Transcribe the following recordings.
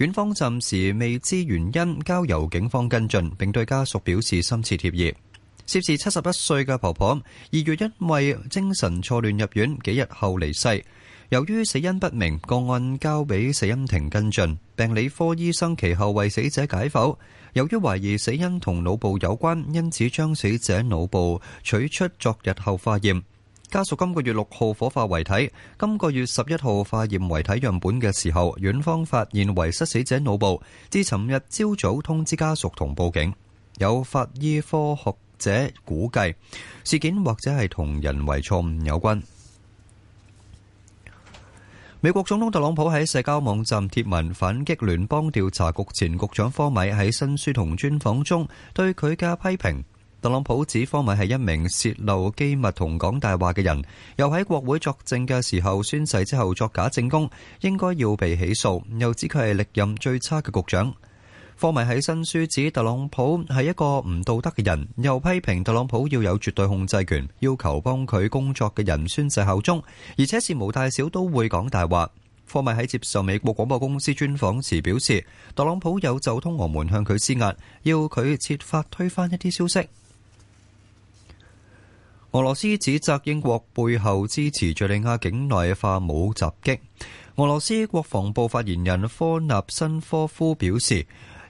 院方暫時未知原因，交由警方跟進，並對家屬表示深切歉意。涉事七十一歲嘅婆婆，二月因為精神錯亂入院，幾日後離世。由於死因不明，個案交俾死因庭跟進。病理科醫生其後為死者解剖，由於懷疑死因同腦部有關，因此將死者腦部取出，昨日後化驗。家屬今個月六號火化遺體，今個月十一號化驗遺體樣本嘅時候，院方發現遺失死者腦部，至尋日朝早通知家屬同報警。有法醫科學者估計，事件或者係同人為錯誤有關。美國總統特朗普喺社交網站貼文反擊聯邦調查局前局長科米喺新書同專訪中對佢嘅批評。特朗普指科米係一名泄露機密同講大話嘅人，又喺國會作證嘅時候宣誓之後作假證供，應該要被起訴，又指佢係歷任最差嘅局長。科米喺新書指特朗普係一個唔道德嘅人，又批評特朗普要有絕對控制權，要求幫佢工作嘅人宣誓效忠，而且事無大小都會講大話，科米喺接受美國廣播公司專訪時表示，特朗普有就通俄門向佢施壓，要佢設法推翻一啲消息。俄羅斯指責英國背後支持敘利亞境內化武襲擊。俄羅斯國防部發言人科納申科夫表示，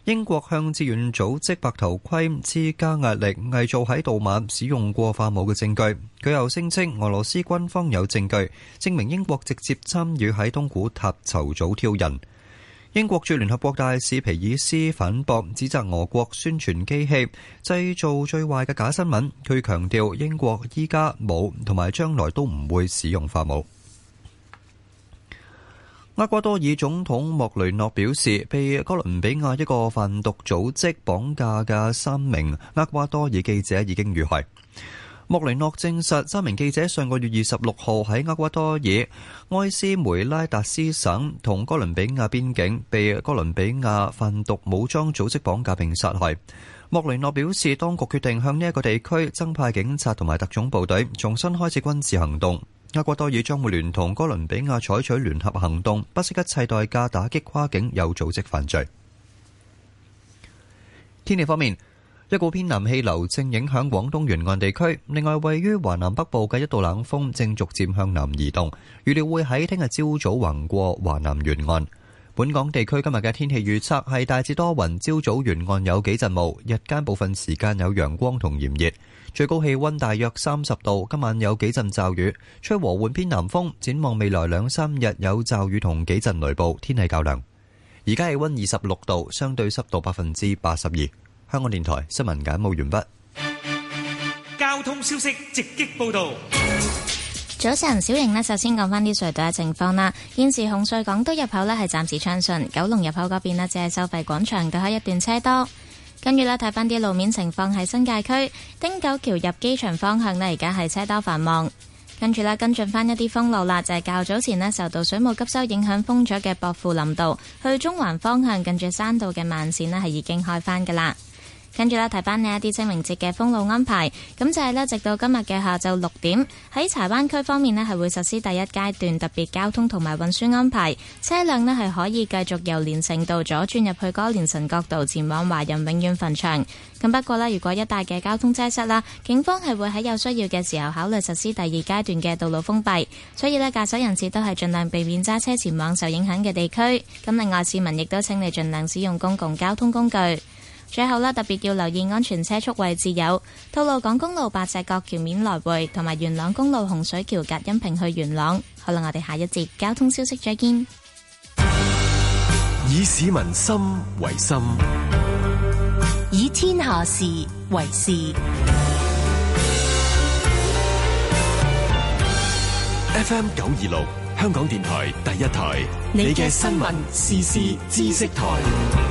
英國向志願組織白頭盔施加壓力，偽造喺杜馬使用過化武嘅證據。佢又聲稱俄羅斯軍方有證據，證明英國直接參與喺東古塔籌組挑釁。英國駐聯合國大使皮爾斯反駁，指責俄國宣傳機器製造最壞嘅假新聞。佢強調英國依家冇，同埋將來都唔會使用化武。厄瓜多爾總統莫雷諾表示，被哥倫比亞一個販毒組織綁架嘅三名厄瓜多爾記者已經遇害。莫雷諾證實，三名記者上個月二十六號喺厄瓜多爾埃斯梅拉達斯省同哥倫比亞邊境被哥倫比亞販毒武裝組織綁架並殺害。莫雷諾表示，當局決定向呢一個地區增派警察同埋特種部隊，重新開始軍事行動。厄瓜多爾將會聯同哥倫比亞採取聯合行動，不惜一切代價打擊跨境有組織犯罪。天氣方面。一股偏南氣流正影響廣東沿岸地區，另外位於華南北部嘅一道冷鋒正逐漸向南移動，預料會喺聽日朝早橫過華南沿岸。本港地區今日嘅天氣預測係大致多雲，朝早沿岸有幾陣霧，日間部分時間有陽光同炎熱，最高氣温大約三十度。今晚有幾陣驟雨，吹和緩偏南風。展望未來兩三日有驟雨同幾陣雷暴，天氣較涼。而家氣温二十六度，相對濕度百分之八十二。香港電台新聞簡報完畢。交通消息直擊報道。早晨，小瑩咧，首先講翻啲隧道嘅情況啦。現時紅隧港島入口咧係暫時暢順，九龍入口嗰邊啦，只係收費廣場隔開一段車多。跟住咧睇翻啲路面情況，喺新界區汀九橋入機場方向咧，而家係車多繁忙。跟住咧跟進翻一啲封路啦，就係、是、較早前咧受到水務吸收影響封咗嘅薄扶林道去中環方向近住山道嘅慢線咧係已經開返噶啦。跟住咧，提翻呢一啲清明節嘅封路安排。咁就係咧，直到今日嘅下晝六點喺柴灣區方面呢係會實施第一階段特別交通同埋運輸安排。車輛呢係可以繼續由連城道左轉入去哥連臣角道，前往華人永遠墳場。咁不過呢，如果一帶嘅交通擠塞啦，警方係會喺有需要嘅時候考慮實施第二階段嘅道路封閉。所以呢，駕駛人士都係盡量避免揸車前往受影響嘅地區。咁另外，市民亦都請你盡量使用公共交通工具。最後啦，特別要留意安全車速位置有：吐露港公路白石角橋面來回，同埋元朗公路洪水橋隔音屏去元朗。好啦，我哋下一節交通消息再見。以市民心為心，以天下事為事。F M 九二六香港電台第一台，你嘅新聞時事知識台。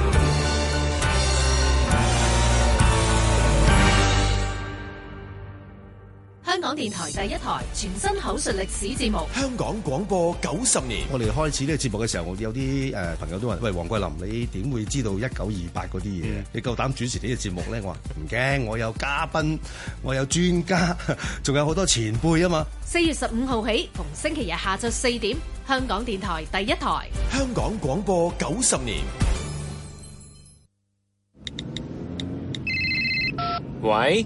香港電台第一台全新口述歷史節目《香港廣播九十年》。我哋開始呢個節目嘅時候，我有啲誒朋友都話，喂，黃桂林，你點會知道一九二八嗰啲嘢？你夠膽主持呢個節目咧？我話唔驚，我有嘉賓，我有專家，仲有好多前輩啊嘛。四月十五號起，逢星期日下晝四點，香港電台第一台《香港廣播九十年》。喂。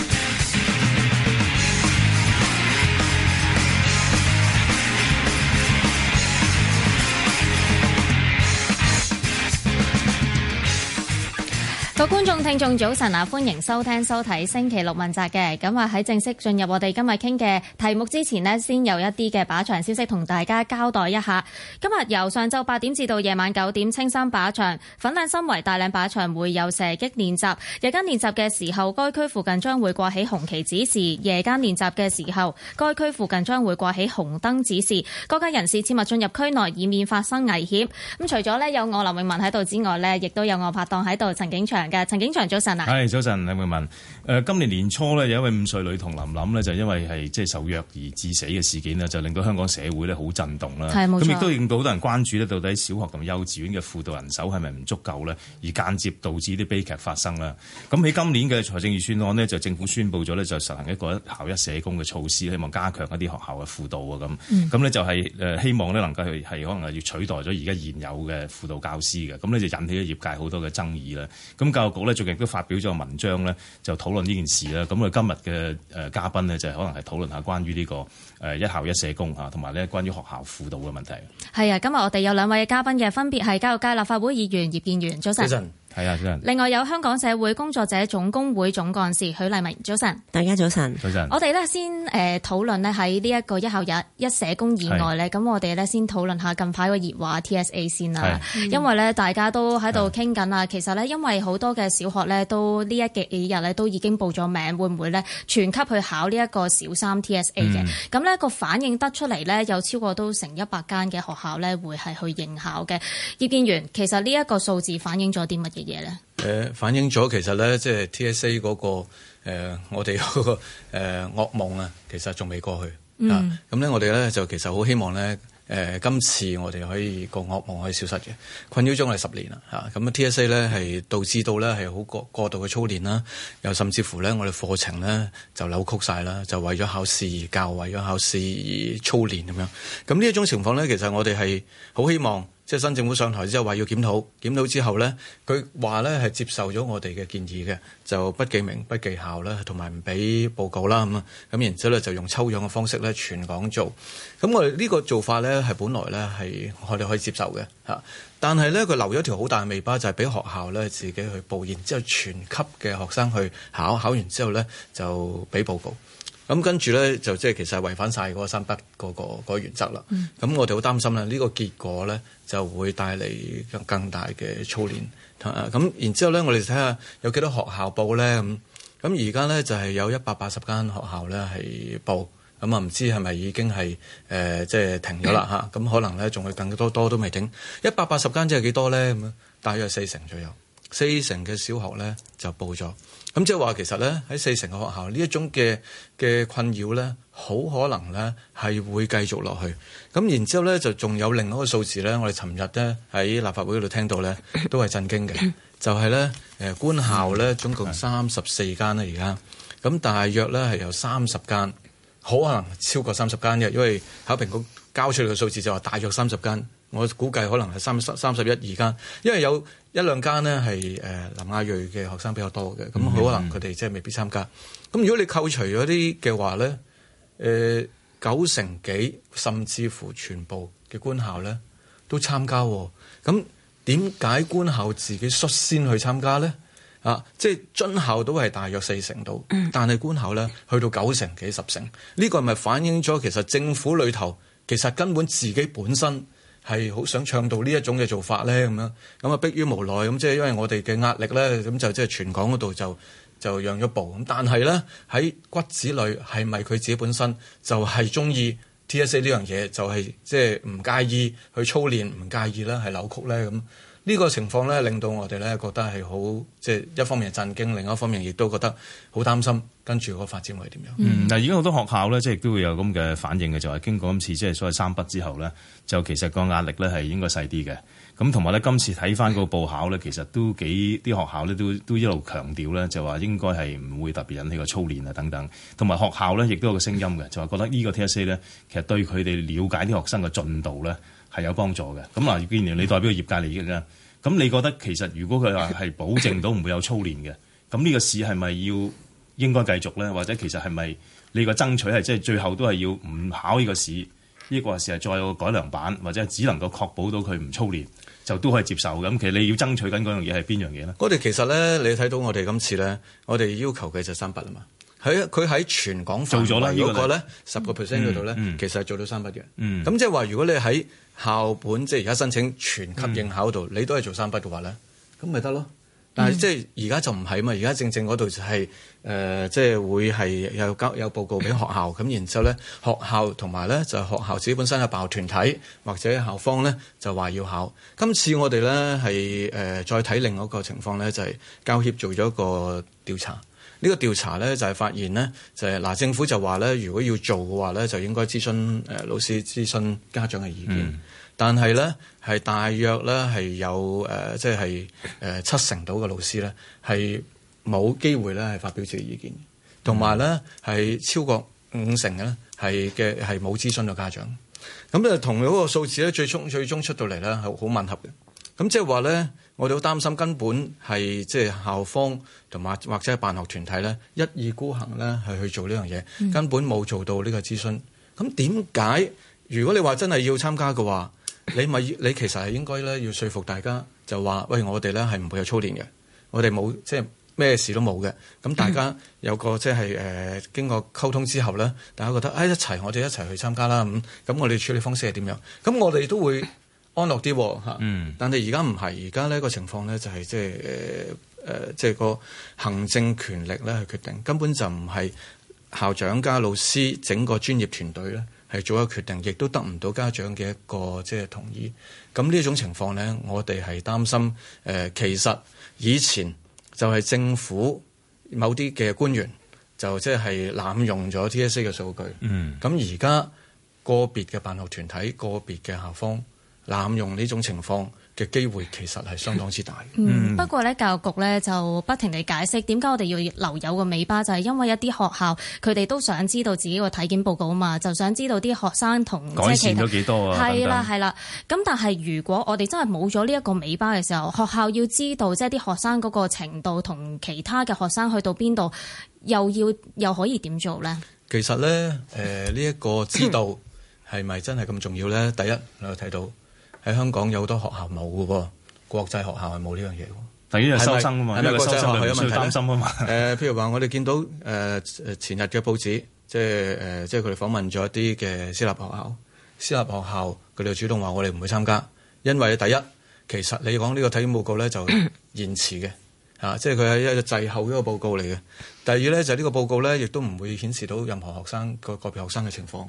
各位觀眾、聽眾，早晨啊！歡迎收聽、收睇星期六問責嘅。咁話喺正式進入我哋今日傾嘅題目之前呢，先有一啲嘅靶場消息，同大家交代一下。今日由上晝八點至到夜晚九點，青山靶場、粉嶺新圍大嶺靶場會有射擊練習。日間練習嘅時候，該區附近將會掛起紅旗指示；夜間練習嘅時候，該區附近將會掛起紅燈指示。各界人士切勿進入區內，以免發生危險。咁、嗯、除咗咧有我林永文喺度之外呢，亦都有我拍檔喺度陳景祥。嘅陳景祥早晨啊，係早晨，你會問。誒、呃，今年年初咧，有一位五歲女童琳琳，咧，就是、因為係即係受虐而致死嘅事件咧，就令到香港社會咧好震動啦。係，冇錯。咁亦都令到好多人關注咧，到底小學同幼稚園嘅輔導人手係咪唔足夠咧，而間接導致啲悲劇發生啦。咁喺今年嘅財政預算案咧，就政府宣布咗咧，就實行一個一校一社工嘅措施，希望加強一啲學校嘅輔導啊，咁。嗯。咁咧就係、是、誒、呃，希望咧能夠係可能係要取代咗而家現有嘅輔導教師嘅。咁呢就引起咗業界好多嘅爭議啦。咁教育局咧最近都發表咗文章咧，就討論呢件事啦。咁啊，今日嘅誒嘉賓咧，就可能係討論下關於呢個誒一校一社工啊，同埋咧關於學校輔導嘅問題。係啊，今日我哋有兩位嘉賓嘅，分別係教育界立法會議員葉建源，早晨。係啊，另外有香港社會工作者總工會總幹事許麗明，早晨。大家早晨，早晨。我哋咧先誒討論呢喺呢一個一校一社工以外咧，咁是我哋咧先討論下近排個熱話 TSA 先啦。是因為咧大家都喺度傾緊啊，是其實咧因為好多嘅小學咧都呢一幾日咧都已經報咗名，會唔會咧全級去考呢一個小三 TSA 嘅、嗯？咁呢個反應得出嚟咧有超過都成一百間嘅學校咧會係去應考嘅。葉建源，其實呢一個數字反映咗啲乜嘢？嘢咧，誒、呃、反映咗其實咧，即係 TSA 嗰個我哋嗰個誒惡夢啊，其實仲未、嗰個呃嗰個呃、過去、嗯、啊。咁咧，我哋咧就其實好希望咧，誒、呃、今次我哋可以個惡夢可以消失嘅。困擾咗我哋十年啦，嚇、啊、咁 TSA 咧係導致到咧係好過過度嘅操練啦，又甚至乎咧我哋課程咧就扭曲晒啦，就為咗考試而教，為咗考試而操練咁樣。咁呢一種情況咧，其實我哋係好希望。即係新政府上台之後話要檢討，檢討之後呢，佢話呢係接受咗我哋嘅建議嘅，就不記名、不記校啦，同埋唔俾報告啦咁啊，咁、嗯、然之後呢就用抽樣嘅方式呢全港做，咁我哋呢個做法呢係本來呢係我哋可以接受嘅嚇，但係呢，佢留咗條好大嘅尾巴，就係、是、俾學校呢自己去報，然之後全級嘅學生去考，考完之後呢就俾報告。咁跟住咧就即係其實係違反晒嗰三不嗰個嗰個原則啦。咁、嗯、我哋好擔心啦，呢個結果咧就會帶嚟更大嘅操練。咁、嗯啊、然之後咧，我哋睇下有幾多學校報咧咁。咁、嗯、而、就是、家咧就係有一百八十間學校咧係報。咁啊唔知係咪已經係誒即係停咗啦嚇？咁、嗯啊、可能咧仲會更多多都未停。一百八十間即係幾多咧？咁、嗯、大約四成左右，四成嘅小學咧就報咗。咁即係話其實咧，喺四成嘅學校呢一種嘅嘅困擾咧，好可能咧係會繼續落去。咁然之後咧就仲有另外一個數字咧，我哋尋日咧喺立法會度聽到咧，都係震驚嘅。就係咧，誒官校咧總共三十四間喇而家，咁大約咧係有三十間，好可能超過三十間嘅，因為考評局交出嚟嘅數字就話大約三十間。我估計可能係三十三十一二間，因為有一兩間咧係誒林亞鋭嘅學生比較多嘅，咁、嗯、可能佢哋即係未必參加。咁、嗯、如果你扣除咗啲嘅話呢，誒、呃、九成幾甚至乎全部嘅官校呢都參加喎。咁點解官校自己率先去參加呢？啊，即係津校都係大約四成度，但係官校呢去到九成幾十成，呢、這個咪反映咗其實政府裏頭其實根本自己本身，係好想倡導呢一種嘅做法咧，咁樣咁啊，迫於無奈咁，即係因為我哋嘅壓力咧，咁就即係全港嗰度就就讓咗步。咁但係咧，喺骨子裏，係咪佢自己本身就係中意 TSA 呢樣嘢？就係即係唔介意去操練，唔介意咧係扭曲咧，咁呢個情況咧，令到我哋咧覺得係好即係一方面係震驚，另一方面亦都覺得好擔心。跟住個發展會點樣？嗯，嗱，而家好多學校咧，即係都會有咁嘅反應嘅，就係、是、經過今次即係所謂三筆之後咧，就其實個壓力咧係應該細啲嘅。咁同埋咧，今次睇翻個報考咧，其實都幾啲學校咧都都一路強調咧，就話應該係唔會特別引起個操練啊等等。同埋學校咧，亦都有個聲音嘅，就話覺得呢個 T S A 咧，其實對佢哋了解啲學生嘅進度咧係有幫助嘅。咁嗱、啊，葉建聯葉建源，你代表業界利益啦，咁你覺得其實如果佢話係保證到唔會有操練嘅，咁呢 個試係咪要？應該繼續咧，或者其實係咪你個爭取係即係最後都係要唔考呢個試，抑或係再有個改良版，或者只能夠確保到佢唔操練就都可以接受咁。其實你要爭取緊嗰樣嘢係邊樣嘢咧？我哋其實咧，你睇到我哋今次咧，我哋要求嘅就三筆啊嘛。係佢喺全港做咗啦，呢個咧十個 percent 嗰度咧，其實係做到三筆嘅。嗯，咁即係話，如果你喺校本即係而家申請全級應考度，嗯，你都係做三筆嘅話咧，咁咪得咯。但係即係而家就唔係啊嘛，而家正正嗰度就係、是、誒、呃，即係會係有交有報告俾學校咁，然之後咧學校同埋咧就是、學校自己本身嘅辦學團體或者校方咧就話要考。今次我哋咧係誒再睇另外一個情況咧，就係、是、教協做咗一個調查。呢、這個調查咧就係、是、發現咧就係、是、嗱、呃，政府就話咧如果要做嘅話咧，就應該諮詢誒、呃、老師、諮詢家長嘅意見。嗯、但係咧。係大約咧係有誒，即係誒七成到嘅老師咧，係冇機會咧係發表自己意見，同埋咧係超過五成嘅咧係嘅係冇諮詢到家長。咁就同嗰個數字咧最終最終出到嚟咧係好吻合嘅。咁即係話咧，我哋好擔心根本係即係校方同埋或者係辦學團體咧，一意孤行咧係去做呢樣嘢，嗯、根本冇做到呢個諮詢。咁點解如果你話真係要參加嘅話？你咪你其實係應該咧，要說服大家就話：喂，我哋咧係唔會有操練嘅，我哋冇即係咩事都冇嘅。咁大家有個即係誒、呃、經過溝通之後咧，大家覺得啊、哎、一齊，我哋一齊去參加啦。咁、嗯、咁我哋處理方式係點樣？咁我哋都會安樂啲嚇。嗯。但係而家唔係，而家呢個情況咧就係即係誒誒，即係、呃、個行政權力咧去決定，根本就唔係校長加老師整個專業團隊咧。係做一個決定，亦都得唔到家長嘅一個即係、就是、同意。咁呢種情況咧，我哋係擔心誒、呃，其實以前就係政府某啲嘅官員就即係濫用咗 TSA 嘅數據。嗯。咁而家個別嘅辦學團體、個別嘅校方濫用呢種情況嘅機會其實係相當之大。嗯，不過呢，教育局呢就不停地解釋點解我哋要留有個尾巴，就係、是、因為一啲學校佢哋都想知道自己個體檢報告啊嘛，就想知道啲學生同改善咗幾多啊？係啦、啊，係啦等。咁、啊啊、但係如果我哋真係冇咗呢一個尾巴嘅時候，學校要知道即係啲學生嗰個程度同其他嘅學生去到邊度，又要又可以點做呢？其實呢，誒呢一個知道係咪真係咁重要呢？ 第一，我有睇到。喺香港有好多學校冇嘅喎，國際學校係冇呢樣嘢喎。第一係收生啊嘛，係咪收生有問題？擔心啊嘛。誒、 呃，譬如話我哋見到誒、呃、前日嘅報紙，即係誒、呃、即係佢哋訪問咗一啲嘅私立學校，私立學校佢哋主動話我哋唔會參加，因為第一其實你講呢個體檢報告咧就延遲嘅，嚇、 啊，即係佢係一個滯後一、就是、個報告嚟嘅。第二咧就係呢個報告咧亦都唔會顯示到任何學生個個別學生嘅情況。誒、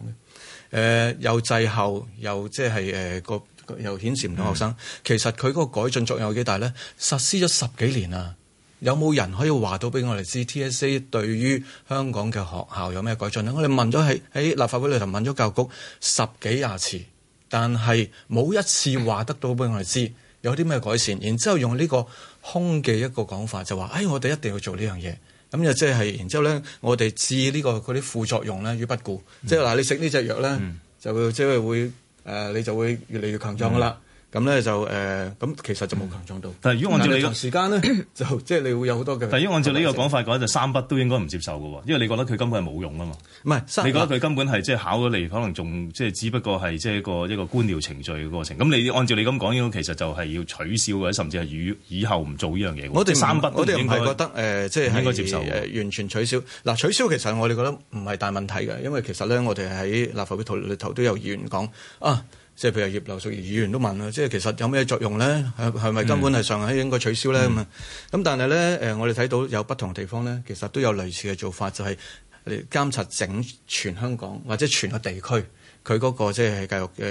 呃呃，又滯後又即係誒個。呃又顯示唔到學生，嗯、其實佢嗰個改進作用有幾大呢？實施咗十幾年啦，有冇人可以話到俾我哋知 TSA 對於香港嘅學校有咩改進呢？我哋問咗喺喺立法會裏頭問咗教育局十幾廿次，但係冇一次話得到俾我哋知有啲咩改善。然之後用呢個空嘅一個講法，就話，哎，我哋一定要做呢樣嘢。咁就即係，然之後呢，我哋置呢個嗰啲副作用呢於不顧。嗯、即係嗱，你食呢隻藥呢，嗯、就會即係會。誒，uh, 你就會越嚟越強壯噶啦。Mm-hmm. 咁咧就誒，咁、呃、其實就冇強壯到。但係如果按照你嘅時間咧， 就即、是、係你會有好多嘅。但如果按照你嘅講法嘅話，就三筆都應該唔接受嘅喎，因為你覺得佢根本係冇用啊嘛。唔係是，你覺得佢根本係即係考咗嚟，可能仲即係只不過係即係一個一個官僚程序嘅過程。咁你按照你咁講，應該其實就係要取消或者甚至係以以後唔做呢樣嘢。我哋們三筆都應該唔係覺得誒，即係、呃就是、應該接受嘅、呃，完全取消。嗱、呃，取消其實我哋覺得唔係大問題嘅，因為其實咧，我哋喺立法會裡頭都有議員講啊。即係譬如葉劉淑儀議員都問啦，即係其實有咩作用咧？係咪根本係上係應該取消咧咁啊？咁、嗯、但係咧誒，我哋睇到有不同地方咧，其實都有類似嘅做法，就係、是、監察整全香港或者全個地區佢嗰個即係教育誒誒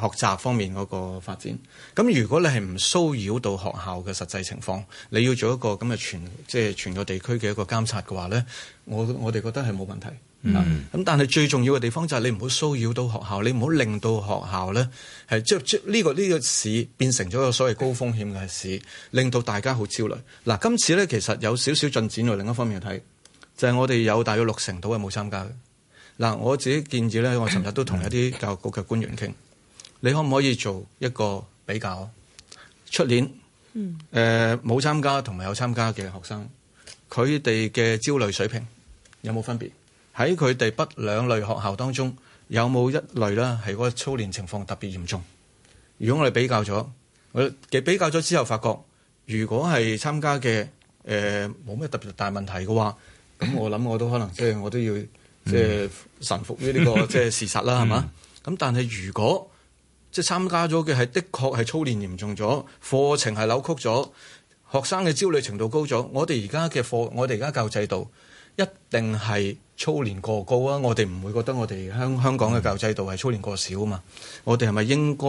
學習方面嗰個發展。咁如果你係唔騷擾到學校嘅實際情況，你要做一個咁嘅全即係全個地區嘅一個監察嘅話咧，我我哋覺得係冇問題。嗯，咁但係最重要嘅地方就係你唔好騷擾到學校，你唔好令到學校咧，係即即呢個呢個市變成咗個所謂高風險嘅市，令到大家好焦慮。嗱、啊，今次咧其實有少少進展。另一方面睇就係、是、我哋有大約六成到係冇參加嘅。嗱、啊，我自己建議咧，我尋日都同一啲教育局嘅官員傾，你可唔可以做一個比較？出年，嗯，呃冇參加同埋有參加嘅學生，佢哋嘅焦慮水平有冇分別？喺佢哋不兩類學校當中，有冇一類啦，係嗰個操練情況特別嚴重。如果我哋比較咗，我比較咗之後發覺，如果係參加嘅誒冇咩特別大問題嘅話，咁我諗我都可能即係我都要即係臣服於呢個即係事實啦，係嘛？咁 但係如果即係參加咗嘅係的確係操練嚴重咗，課程係扭曲咗，學生嘅焦慮程度高咗，我哋而家嘅課，我哋而家教育制度一定係，操練過高啊！我哋唔會覺得我哋香香港嘅教育制度係操練過少啊嘛！嗯、我哋係咪應該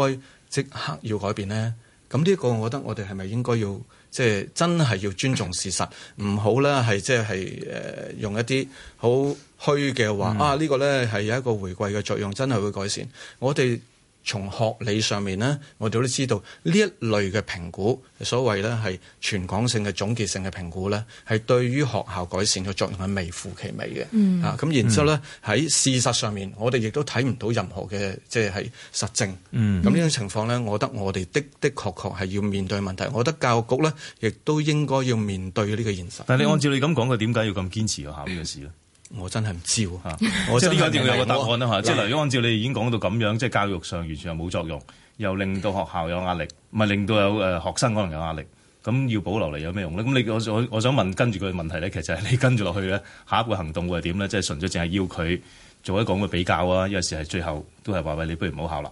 即刻要改變呢？咁呢個，我覺得我哋係咪應該要即係、即係、真係要尊重事實，唔好咧係即係誒用一啲好虛嘅話、嗯、啊！呢、呢個呢係有一個回饋嘅作用，真係會改善我哋。從學理上面呢，我哋都知道呢一類嘅評估，所謂咧係全港性嘅總結性嘅評估咧，係對於學校改善嘅作用係微乎其微嘅。嗯、啊，咁然之後咧喺、嗯、事實上面，我哋亦都睇唔到任何嘅即係係實證。咁呢、嗯、種情況咧，我覺得我哋的的確確係要面對問題。我覺得教育局咧，亦都應該要面對呢個現實。嗯、但係你按照你咁講嘅，點解要咁堅持去考呢樣事咧？嗯我真係唔知喎、啊、我即係呢個一定要有個答案啦嚇。即係我、啊、如果按照你已經講到咁樣，即、就、係、是、教育上完全係冇作用，又令到學校有壓力，唔係令到有誒、呃、學生可能有壓力。咁要保留嚟有咩用咧？咁你我我我想問跟住佢嘅問題咧，其實係你跟住落去咧，下一步行動會係點咧？即係純粹淨係要佢做一講嘅比較啊，有時係最後都係話喂，你不如唔好考啦。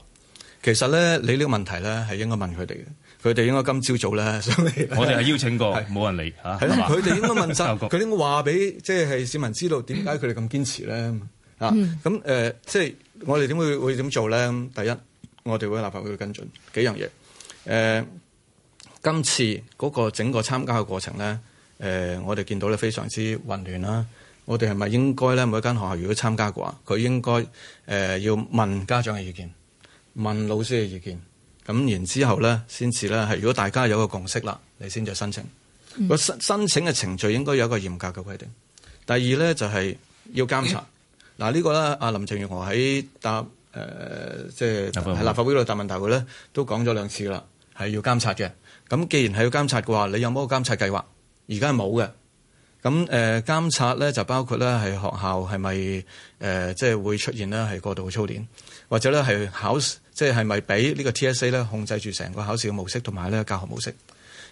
其實咧，你呢個問題咧係應該問佢哋嘅。佢哋應該今朝早咧上嚟，我哋係邀請過冇是人嚟嚇。佢哋吧應該問責，佢 應該話俾即係市民知道點解佢哋咁堅持咧嚇。咁誒、嗯啊呃、即係我哋點會會點做咧？第一，我哋會立法會跟進幾樣嘢。誒、呃，今次嗰個整個參加嘅過程咧，誒、呃，我哋見到咧非常之混亂啦。我哋係咪應該咧？每一間學校如果參加嘅話，佢應該誒、呃、要問家長嘅意見，問老師嘅意見。嗯咁然之後咧，先至咧係，如果大家有個共識啦，你先至申請個申、嗯、申請嘅程序應該有一個嚴格嘅規定。第二咧就係、是、要監察。嗱 呢個咧，阿林鄭月娥喺答誒即係喺立法會度答問大會咧，都講咗兩次啦，係要監察嘅。咁既然係要監察嘅話，你有冇個監察計劃？而家係冇嘅。咁誒監察咧就包括咧係學校係咪誒即係會出現咧係過度操練，或者咧係考試。即係係咪俾呢個 TSA 咧控制住成個考試嘅模式同埋咧教學模式？誒、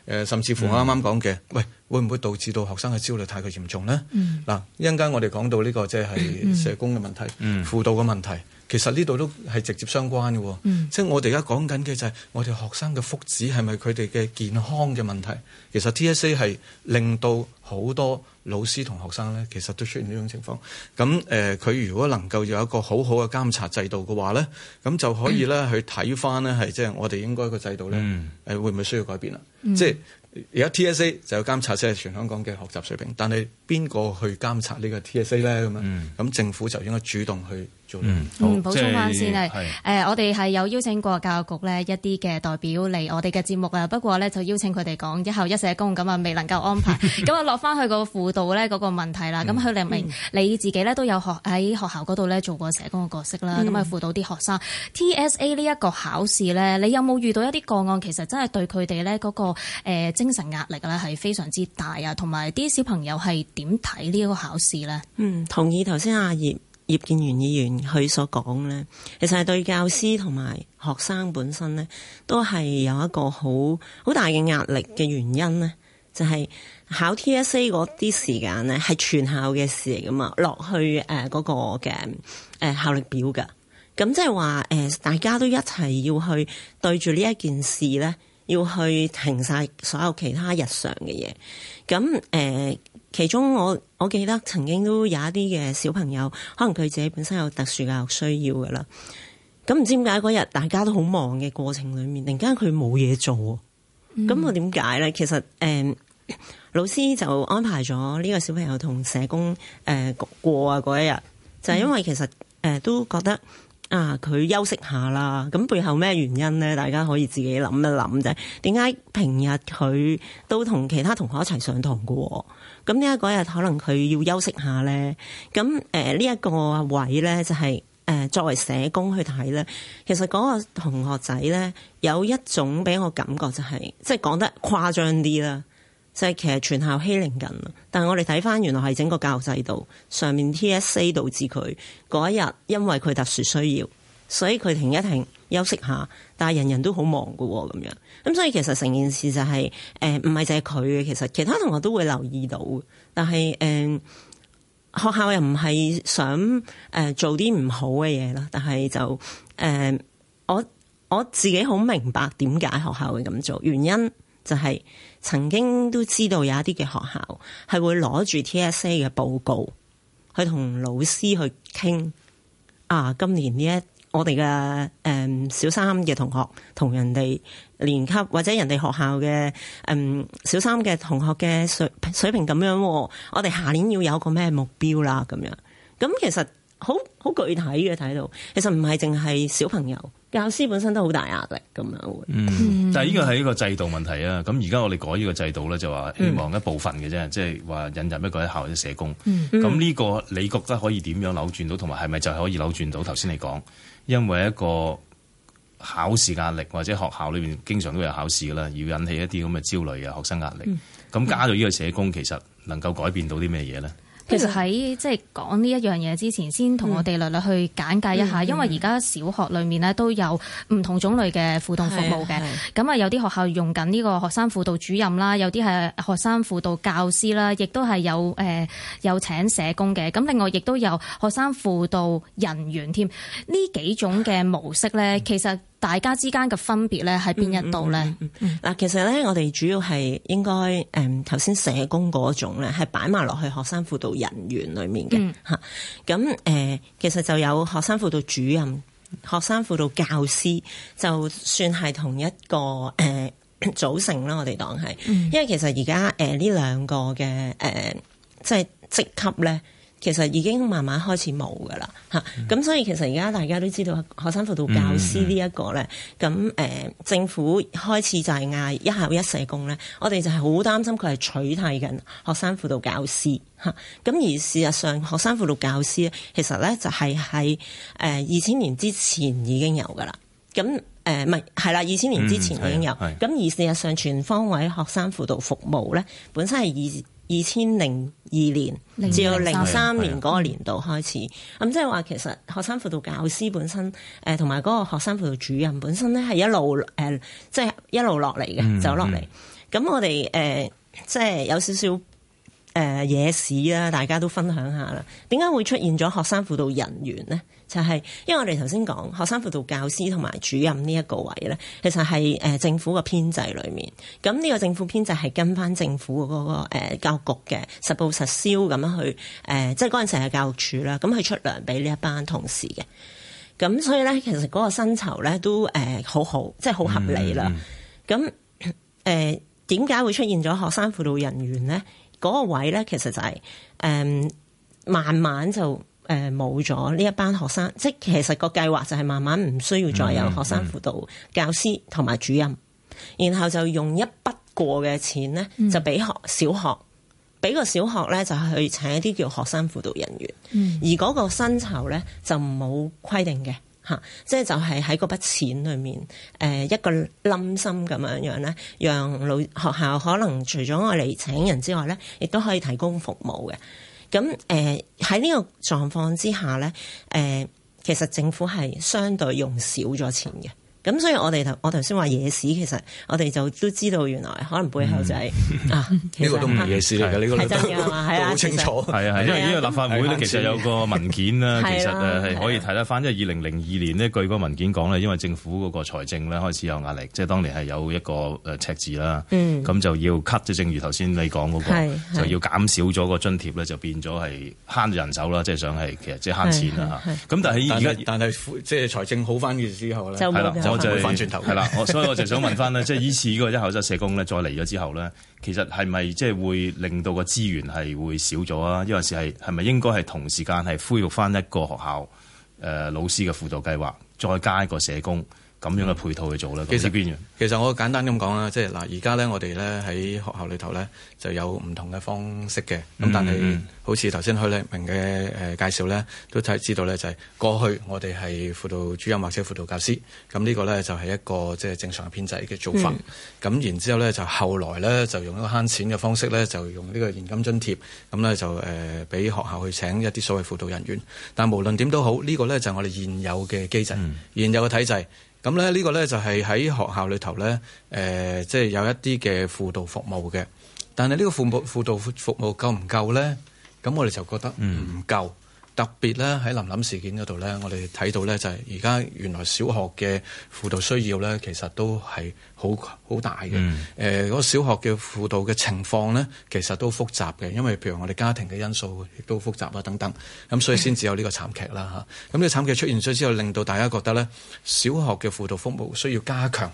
呃，甚至乎我啱啱講嘅，mm. 喂，會唔會導致到學生嘅焦慮太過嚴重咧？嗱，一陣間我哋講到呢個即係社工嘅問題、mm. 輔導嘅問題，其實呢度都係直接相關嘅。Mm. 即係我哋而家講緊嘅就係我哋學生嘅福祉係咪佢哋嘅健康嘅問題？其實 TSA 係令到好多。老師同學生咧，其實都出現呢種情況。咁誒，佢、呃、如果能夠有一個好好嘅監察制度嘅話咧，咁就可以咧去睇返咧係即係我哋應該個制度咧誒會唔會需要改變啦？嗯、即係而家 T S A 就有監察即係全香港嘅學習水平，但係邊個去監察個呢個 T S A 咧、嗯？咁樣咁政府就應該主動去。嗯，好補充翻先啊！誒，我哋係有邀請過教育局咧一啲嘅代表嚟我哋嘅節目啊，不過咧就邀請佢哋講一校一社工咁啊，未能夠安排。咁啊落翻去個輔導咧嗰、那個問題啦，咁佢明明你自己咧都有學喺學校嗰度咧做過社工嘅角色啦，咁啊、嗯、輔導啲學生 TSA 呢一個考試咧，你有冇遇到一啲個案其實真係對佢哋咧嗰個誒精神壓力咧係非常之大啊，同埋啲小朋友係點睇呢一個考試咧？嗯，同意頭先阿葉葉建源議員佢所講咧，其實係對教師同埋學生本身咧，都係有一個好好大嘅壓力嘅原因咧，就係、是、考 TSA 嗰啲時間咧係全校嘅事嚟噶嘛，落去誒嗰個嘅誒校歷表噶，咁即係話誒大家都一齊要去對住呢一件事咧，要去停晒所有其他日常嘅嘢，咁誒。呃其中我我記得曾經都有一啲嘅小朋友，可能佢自己本身有特殊教育需要噶啦。咁唔知點解嗰日大家都好忙嘅過程裏面，突然間佢冇嘢做，咁我點解咧？其實誒、嗯，老師就安排咗呢個小朋友同社工誒、呃、過啊嗰一日，就係、是、因為其實誒、呃、都覺得啊，佢休息下啦。咁背後咩原因咧？大家可以自己諗一諗啫。點解平日佢都同其他同學一齊上堂噶？咁呢一日可能佢要休息下咧，咁誒呢一個位咧就係、是、誒、呃、作為社工去睇咧，其實嗰個同學仔咧有一種俾我感覺就係、是、即係講得誇張啲啦，即、就、係、是、其實全校欺凌緊，但係我哋睇翻，原來係整個教育制度上面 TSA 導致佢嗰日因為佢特殊需要，所以佢停一停休息下。但係人人都好忙嘅喎、哦，咁樣咁、嗯、所以其實成件事就係誒唔係淨係佢嘅，其實其他同學都會留意到。但係誒、呃、學校又唔係想誒、呃、做啲唔好嘅嘢咯。但係就誒、呃、我我自己好明白點解學校會咁做，原因就係曾經都知道有一啲嘅學校係會攞住 TSA 嘅報告去同老師去傾啊，今年呢一我哋嘅誒小三嘅同學同人哋年級或者人哋學校嘅誒、嗯、小三嘅同學嘅水水平咁樣，我哋下年要有個咩目標啦？咁樣咁，其實好好具體嘅睇到，其實唔係淨係小朋友，教師本身都好大壓力咁樣。嗯、但係呢個係一個制度問題啊。咁而家我哋改呢個制度咧，就話希望一部分嘅啫，即係話引入一個喺校啲社工。咁呢、嗯、個你覺得可以點樣扭轉到？同埋係咪就係可以扭轉到頭先你講？因為一個考試壓力，或者學校裏面經常都有考試啦，要引起一啲咁嘅焦慮啊，學生壓力。咁加咗呢個社工，其實能夠改變到啲咩嘢咧？不如喺即係講呢一樣嘢之前，先同我哋略略去簡介一下，嗯嗯、因為而家小學裏面咧都有唔同種類嘅輔導服務嘅。咁啊，有啲學校用緊呢個學生輔導主任啦，有啲係學生輔導教師啦，亦都係有誒、呃、有請社工嘅。咁另外亦都有學生輔導人員添。呢幾種嘅模式咧，其實、嗯。大家之間嘅分別咧喺邊一度咧？嗱、嗯嗯嗯嗯嗯，其實咧，我哋主要係應該誒頭先社工嗰種咧，係擺埋落去學生輔導人員裡面嘅嚇。咁誒、嗯嗯嗯，其實就有學生輔導主任、學生輔導教師，就算係同一個誒組成啦，我哋當係，嗯、因為其實而家誒呢兩個嘅誒、呃、即係職級咧。其實已經慢慢開始冇噶啦嚇，咁、嗯啊、所以其實而家大家都知道學生輔導教師呢、這、一個咧，咁誒政府開始就係嗌一校一社工咧，我哋就係好擔心佢係取替緊學生輔導教師嚇，咁、啊、而事實上學生輔導教師咧其實咧就係喺誒二千年之前已經有噶、呃、啦，咁誒唔係係啦二千年之前已經有，咁、嗯嗯、而事實上全方位學生輔導服務咧本身係以二千零二年，至到零三年嗰個年度開始，咁即係話其實學生輔導教師本身，誒同埋嗰個學生輔導主任本身咧係一路誒，即、呃、係、就是、一路落嚟嘅，走落嚟。咁我哋誒即係有少少誒野史啦，大家都分享下啦。點解會出現咗學生輔導人員咧？就係，因為我哋頭先講學生輔導教師同埋主任呢一個位咧，其實係誒政府嘅編制裏面。咁呢個政府編制係跟翻政府嗰個教育局嘅實報實銷咁樣去誒，即係嗰陣時係教育署啦。咁去出糧俾呢一班同事嘅。咁所以咧，其實嗰個薪酬咧都誒好好，即係好合理啦。咁誒點解會出現咗學生輔導人員咧？嗰、那個位咧其實就係、是、誒、呃、慢慢就。誒冇咗呢一班學生，即係其實個計劃就係慢慢唔需要再有學生輔導教師同埋主任，嗯嗯、然後就用一筆過嘅錢咧，就俾學小學，俾、嗯、個小學咧就去請一啲叫學生輔導人員，嗯、而嗰個薪酬咧就冇規定嘅嚇，即係就係喺嗰筆錢裡面，誒、呃、一個冧心咁樣樣咧，讓老學校可能除咗我哋請人之外咧，亦都可以提供服務嘅。咁誒，喺呢、呃、個狀況之下咧，誒、呃，其實政府係相對用少咗錢嘅。咁所以，我哋頭我頭先話野史，其實我哋就都知道原來可能背後就係啊，呢個都唔係野史，嚟嘅呢個都好清楚，係啊係，因為呢個立法會咧，其實有個文件啦，其實誒係可以睇得翻，因為二零零二年呢，據嗰個文件講咧，因為政府嗰個財政咧開始有壓力，即係當年係有一個誒赤字啦，咁就要 cut，即正如頭先你講嗰個，就要減少咗個津貼咧，就變咗係慳人手啦，即係想係其實即係慳錢啦嚇。咁但係而家但係即係財政好翻嘅時候咧，係我就反轉頭係啦，所以我就想問翻咧，即係依次個一校一社工咧，再嚟咗之後咧，其實係咪即係會令到個資源係會少咗啊？因為陣時係係咪應該係同時間係恢復翻一個學校誒、呃、老師嘅輔導計劃，再加一個社工？咁樣嘅配套去做啦，老師、嗯、其，邊其實我簡單咁講啦，即係嗱，而家呢，我哋呢喺學校裏頭呢就有唔同嘅方式嘅。咁但係好似頭先許麗明嘅誒介紹呢，都睇知道呢、就是，就係過去我哋係輔導主任或者輔導教師咁呢、這個呢，就係一個即係正常嘅編制嘅做法。咁、嗯、然之後呢，就後來呢，就用一個慳錢嘅方式呢，就用呢個現金津貼咁呢，就誒俾、呃、學校去請一啲所謂輔導人員。但無論點都好，呢、這個呢，就係我哋現有嘅機制，現有嘅體制。咁咧，呢個咧就係喺學校裏頭咧，誒、呃，即、就、係、是、有一啲嘅輔導服務嘅。但係呢個輔導輔導服務夠唔夠咧？咁我哋就覺得唔夠。嗯特別咧喺林林事件嗰度咧，我哋睇到咧就係而家原來小學嘅輔導需要咧，其實都係好好大嘅。誒、嗯呃，嗰個小學嘅輔導嘅情況咧，其實都複雜嘅，因為譬如我哋家庭嘅因素亦都複雜啊等等。咁所以先至有呢個慘劇啦嚇。咁呢個慘劇出現咗之後，令到大家覺得咧，小學嘅輔導服務需要加強。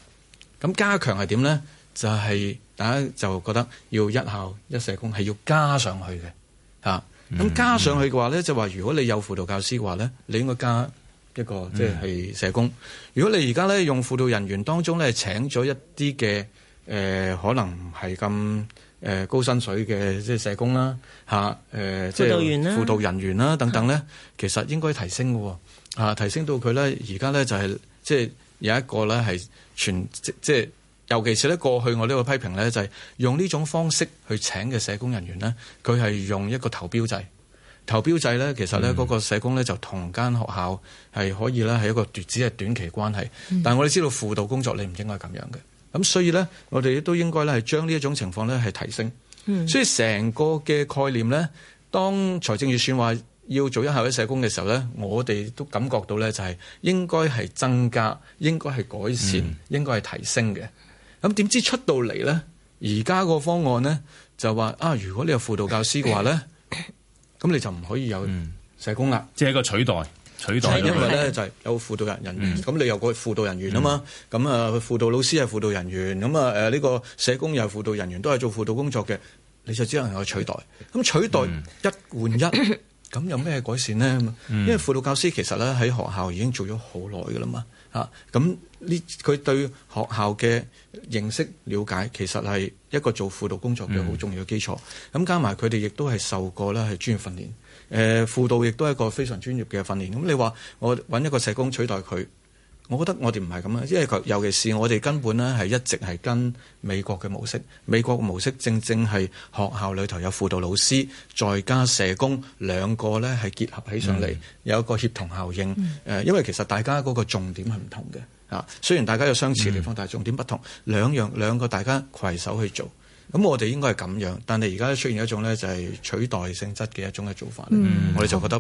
咁加強係點咧？就係、係、大家就覺得要一校一社工係要加上去嘅嚇。咁、嗯嗯、加上去嘅話咧，就話如果你有輔導教師嘅話咧，你應該加一個即係、就是、社工。嗯、如果你而家咧用輔導人員當中咧，請咗一啲嘅誒，可能唔係咁誒高薪水嘅即係社工啦吓誒，即係輔導人員啦等等咧，其實應該提升嘅吓、啊，提升到佢咧而家咧就係即係有一個咧係全即即。就是尤其是咧，過去我呢個批評咧，就係用呢種方式去請嘅社工人員呢，佢係用一個投標制。投標制呢，其實呢嗰個社工呢，就同間學校係可以呢，係一個短只係短期關係。嗯、但係我哋知道輔導工作你唔應該咁樣嘅。咁所以呢，我哋亦都應該咧係將呢一種情況呢，係提升。嗯、所以成個嘅概念呢，當財政預算話要做一校一社工嘅時候呢，我哋都感覺到呢，就係應該係增加、應該係改善、嗯、應該係提升嘅。咁點知出到嚟咧？而家個方案咧就話啊，如果你有輔導教師嘅話咧，咁 你就唔可以有社工啦，嗯，即係一個取代。取代，因為咧就係、係、有輔導人，咁、嗯、你又有個輔導人員啊嘛。咁、嗯、啊，輔導老師係輔導人員，咁啊誒呢、啊呢個社工又係輔導人員，都係做輔導工作嘅，你就只能夠取代。咁取代一換一，咁、嗯嗯、有咩改善咧？因為輔導教師其實咧喺學校已經做咗好耐㗎啦嘛，啊咁。啊啊啊啊啊啊啊呢佢對學校嘅認識了解，其實係一個做輔導工作嘅好重要基礎。咁、嗯、加埋佢哋亦都係受過啦，係專業訓練。誒、呃，輔導亦都係一個非常專業嘅訓練。咁你話我揾一個社工取代佢，我覺得我哋唔係咁啊，因為尤其是我哋根本咧係一直係跟美國嘅模式。美國模式正正係學校裏頭有輔導老師，再加社工兩個咧係結合起上嚟，嗯、有一個協同效應。誒、嗯呃，因為其實大家嗰個重點係唔同嘅。雖然大家有相似嘅地方，但係重點不同，嗯、兩樣兩個大家攜手去做，咁我哋應該係咁樣。但係而家出現一種呢，就係取代性質嘅一種嘅做法，嗯、我哋就覺得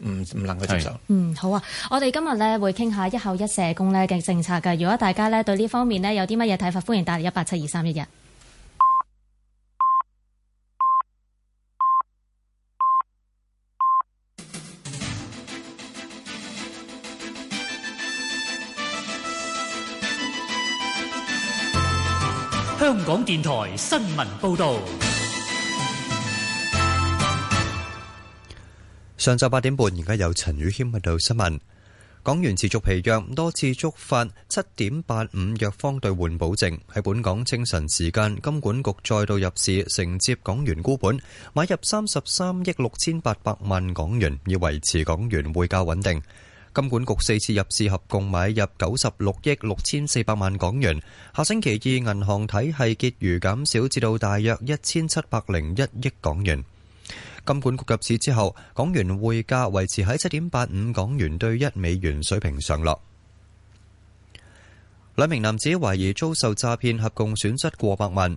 唔唔好能夠接受。是嗯，好啊，我哋今日呢會傾下一校一社工呢嘅政策嘅。如果大家呢對呢方面呢有啲乜嘢睇法，歡迎打嚟，一八七二三一一。香港電台新聞報道，上晝八點半，而家有陳宇謙報道新聞。港元持續疲弱，多次觸發七點八五弱方兌換保證。喺本港清晨時間，金管局再度入市承接港元沽盤，買入三十三億六千八百萬港元，以維持港元匯價穩定。金管局四次入市，合共買入九十六億六千四百萬港元，下星期二銀行體系結餘減少至到大約一千七百零一億港元。金管局入市之後，港元匯價維持喺七點八五港元對一美元水平上落。兩名男子懷疑遭受詐騙，合共損失過百萬。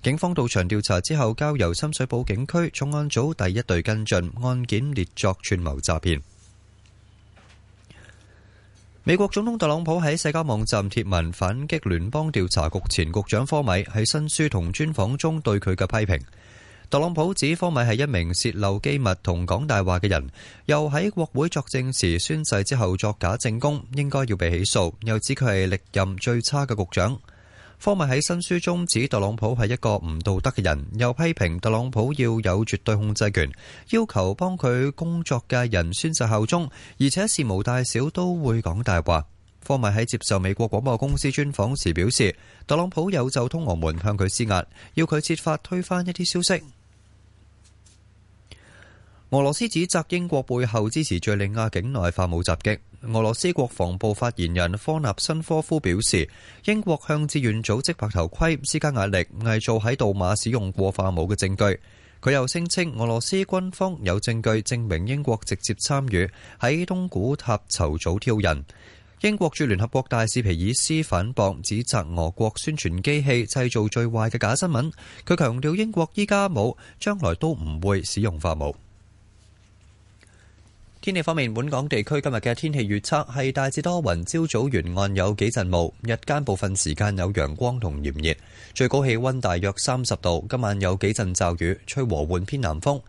警方到場調查之後，交由深水埗警區重案組第一隊跟進，案件列作串謀詐騙。美國總統特朗普喺社交網站貼文反擊聯邦調查局前局長科米喺新書同專訪中對佢嘅批評。特朗普指科米係一名洩漏機密同講大話嘅人，又喺國會作證時宣誓之後作假證供，應該要被起訴。又指佢係歷任最差嘅局長。科米喺新書中指特朗普係一個唔道德嘅人，又批評特朗普要有絕對控制權，要求幫佢工作嘅人宣誓效忠，而且事無大小都會講大話。科米喺接受美國廣播公司專訪時表示，特朗普有就通俄門向佢施壓，要佢設法推翻一啲消息。俄羅斯指責英國背後支持敘利亞境內化武襲擊。俄羅斯國防部發言人科納申科夫表示，英國向志願組織白頭盔施加壓力，偽造喺杜馬使用過化武嘅證據。佢又聲稱，俄羅斯軍方有證據證明英國直接參與喺東古塔籌組挑釁。英國駐聯合國大使皮爾斯反駁，指責俄國宣傳機器製造最壞嘅假新聞。佢強調，英國依家冇，將來都唔會使用化武。天氣方面，本港地區今日嘅天氣預測係大致多雲，朝早沿岸有幾陣霧，日間部分時間有陽光同炎熱，最高氣溫大約三十度。今晚有幾陣驟雨，吹和緩偏南風。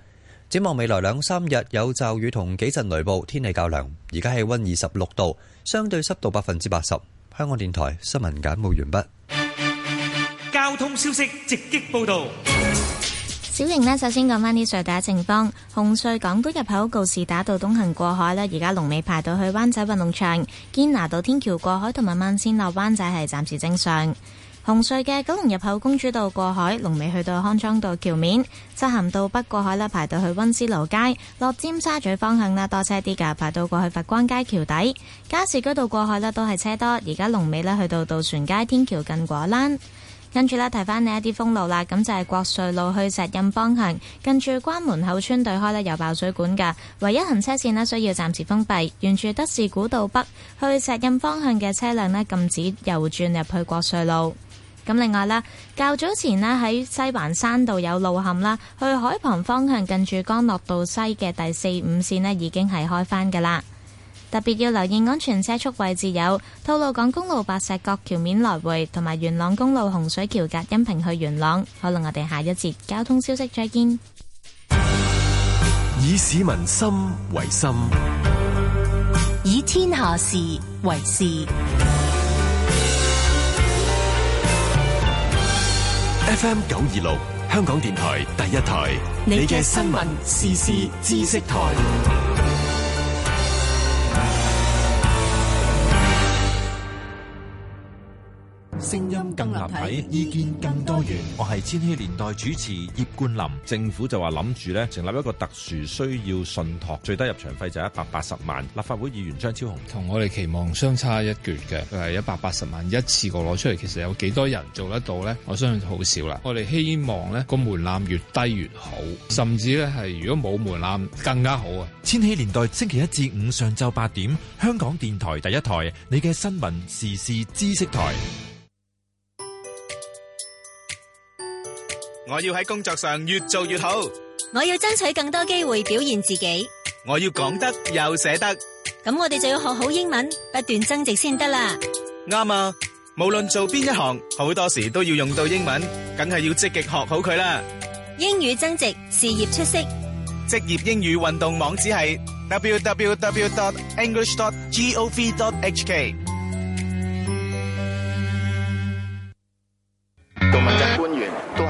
展望未來兩三日有驟雨同幾陣雷暴，天氣較涼。而家氣溫二十六度，相對濕度百分之八十。香港電台新聞簡報完畢。交通消息直擊報道。小明呢，首先講翻啲隧道情況。紅隧港島入口告士打道東行過海咧，而家龍尾排到去灣仔運動場。堅拿道天橋過海同埋慢綫落灣仔係暫時正常。紅隧嘅九龍入口公主道過海，龍尾去到康莊道橋面。漆咸道北過海咧，排到去溫思勞街。落尖沙咀方向咧多車啲噶，排到過去佛光街橋底。加士居道過海呢，都係車多，而家龍尾呢，去到渡船街天橋近果欄。跟住呢，提翻你一啲封路啦。咁就係、是、國瑞路去石蔭方向，近住關門口村對開呢有爆水管噶，唯一行車線呢，需要暫時封閉。沿住德士古道北去石蔭方向嘅車輛呢，禁止右轉入去國瑞路。咁另外啦，較早前呢，喺西環山道有路陷啦，去海旁方向近住江樂道西嘅第四五線呢，已經係開返噶啦。特別要留意安全車速位置有：吐露港公路白石角橋面來回，同埋元朗公路洪水橋隔音屏去元朗。可能我哋下一節交通消息再見。以市民心為心，以天下事為事。F M 九二六，香港電台第一台，你嘅新聞時事知識台。聲音更立體，意見更多元。我係千禧年代主持葉冠霖。政府就話諗住咧，成立一個特殊需要信託，最低入場費就一百八十萬。立法會議員張超雄同我哋期望相差一橛嘅，係一百八十萬一次過攞出嚟，其實有幾多人做得到呢？我相信好少啦。我哋希望咧個門檻越低越好，甚至咧係如果冇門檻更加好啊。千禧年代星期一至五上晝八點，香港電台第一台，你嘅新聞時事知識台。我要喺工作上越做越好，我要爭取更多機會表現自己，我要講得又寫得。咁我哋就要學好英文，不斷增值先得啦。啱啊！無論做邊一行，好多時都要用到英文，梗係要積極學好佢啦。英語增值，事業出色。職業英語運動網址係 www dot english dot gov dot hk。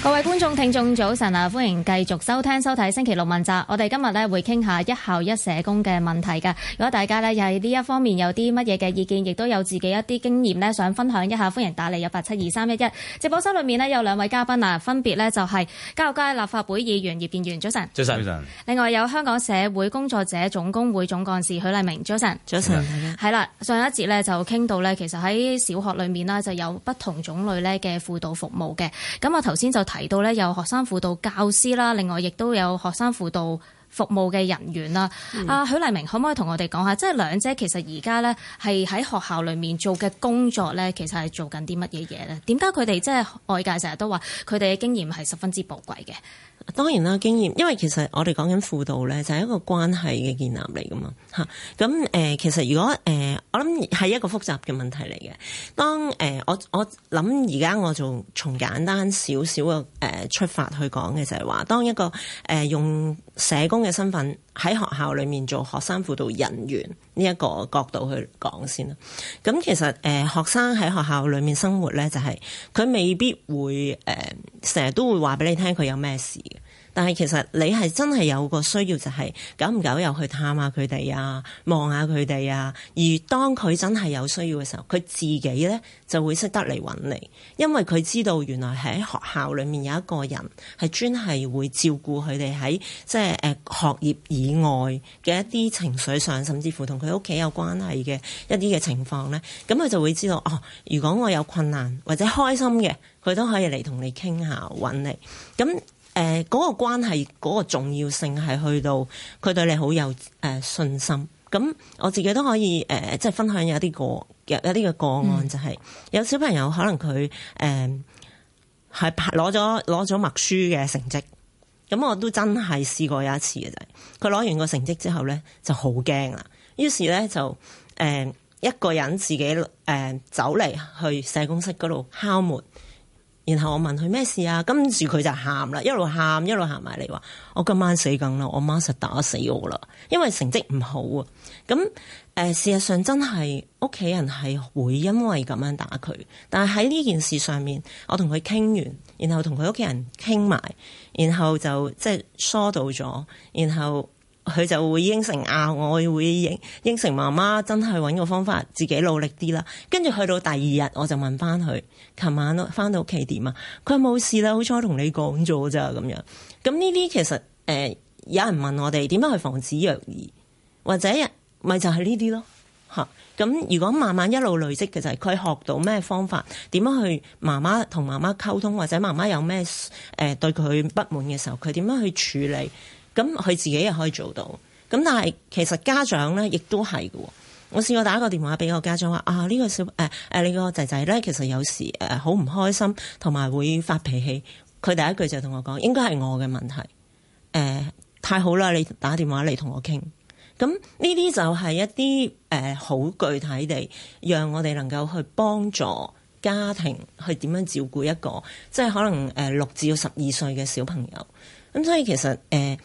各位觀眾、聽眾，早晨啊！歡迎繼續收聽、收睇《星期六問責》。我哋今日咧會傾下一校一社工嘅問題嘅。如果大家咧喺呢一方面有啲乜嘢嘅意見，亦都有自己一啲經驗呢，想分享一下，歡迎打嚟。一八七二三一一。直播室裏面呢，有兩位嘉賓啊，分別呢就係教育界立法會議員葉建源，早晨，早晨，早晨。早晨，另外有香港社會工作者總工會總幹事許麗明，早晨，早晨，係啦晨晨。上一節呢，就傾到呢。其實喺小學裏面呢，就有不同種類呢嘅輔導服務嘅。咁我頭先就提到咧有學生輔導教師啦，另外亦都有學生輔導服務嘅人員啦。阿、嗯啊、許麗明可唔可以同我哋講下，即係兩者其實而家咧係喺學校裏面做嘅工作咧，其實係做緊啲乜嘢嘢咧？點解佢哋即係外界成日都話佢哋嘅經驗係十分之寶貴嘅？當然啦，經驗，因為其實我哋講緊輔導咧，就係一個關係嘅建立嚟㗎嘛，嚇。咁誒，其實如果誒，我諗係一個複雜嘅問題嚟嘅。當誒，我我諗而家我就從簡單少少嘅誒出發去講嘅，就係話當一個誒用。社工嘅身份喺學校裏面做學生輔導人員呢一個角度去講先啦。咁其實誒、呃、學生喺學校裏面生活咧，就係、是、佢未必會誒成日都會話俾你聽佢有咩事。但係其實你係真係有個需要，就係久唔久又去探下佢哋啊，望下佢哋啊。而當佢真係有需要嘅時候，佢自己咧就會識得嚟搵你，因為佢知道原來喺學校裏面有一個人係專係會照顧佢哋喺即係誒學業以外嘅一啲情緒上，甚至乎同佢屋企有關係嘅一啲嘅情況咧。咁佢就會知道，哦，如果我有困難或者開心嘅，佢都可以嚟同你傾下搵你咁。誒嗰、呃那個關係嗰、那個重要性係去到佢對你好有誒、呃、信心，咁我自己都可以誒、呃、即係分享一有啲個有有啲嘅個案，就係、是、有小朋友可能佢誒係攞咗攞咗默書嘅成績，咁我都真係試過有一次嘅就啫。佢攞完個成績之後咧就好驚啦，於是咧就誒、呃、一個人自己誒走嚟去社工室嗰度敲門。然後我問佢咩事啊？跟住佢就喊啦，一路喊一路喊埋嚟話：我今晚死梗啦，我媽實打死我啦！因為成績唔好啊。咁誒、呃，事實上真係屋企人係會因為咁樣打佢，但係喺呢件事上面，我同佢傾完，然後同佢屋企人傾埋，然後就即係疏導咗，然後。佢就會應承啊，我會應應承媽媽，真係揾個方法自己努力啲啦。跟住去到第二日，我就問翻佢，琴晚翻到屋企點啊？佢話冇事啦，好彩同你講咗咋，咁樣。咁呢啲其實誒、呃、有人問我哋點樣去防止虐兒，或者咪、啊、就係呢啲咯嚇。咁、啊、如果慢慢一路累積，其實佢學到咩方法，點樣去媽媽同媽媽溝通，或者媽媽有咩誒、呃、對佢不滿嘅時候，佢點樣去處理？咁佢自己又可以做到，咁但係其實家長咧亦都係嘅。我試過打個電話俾個家長話啊，呢、呢個小誒誒，呃呃這個、呢個仔仔咧，其實有時誒好唔開心，同埋會發脾氣。佢第一句就同我講，應該係我嘅問題。誒、呃，太好啦，你打電話嚟同我傾。咁呢啲就係一啲誒好具體地，讓我哋能夠去幫助家庭去點樣照顧一個即係可能誒六至十二歲嘅小朋友。咁、嗯、所以其實誒。呃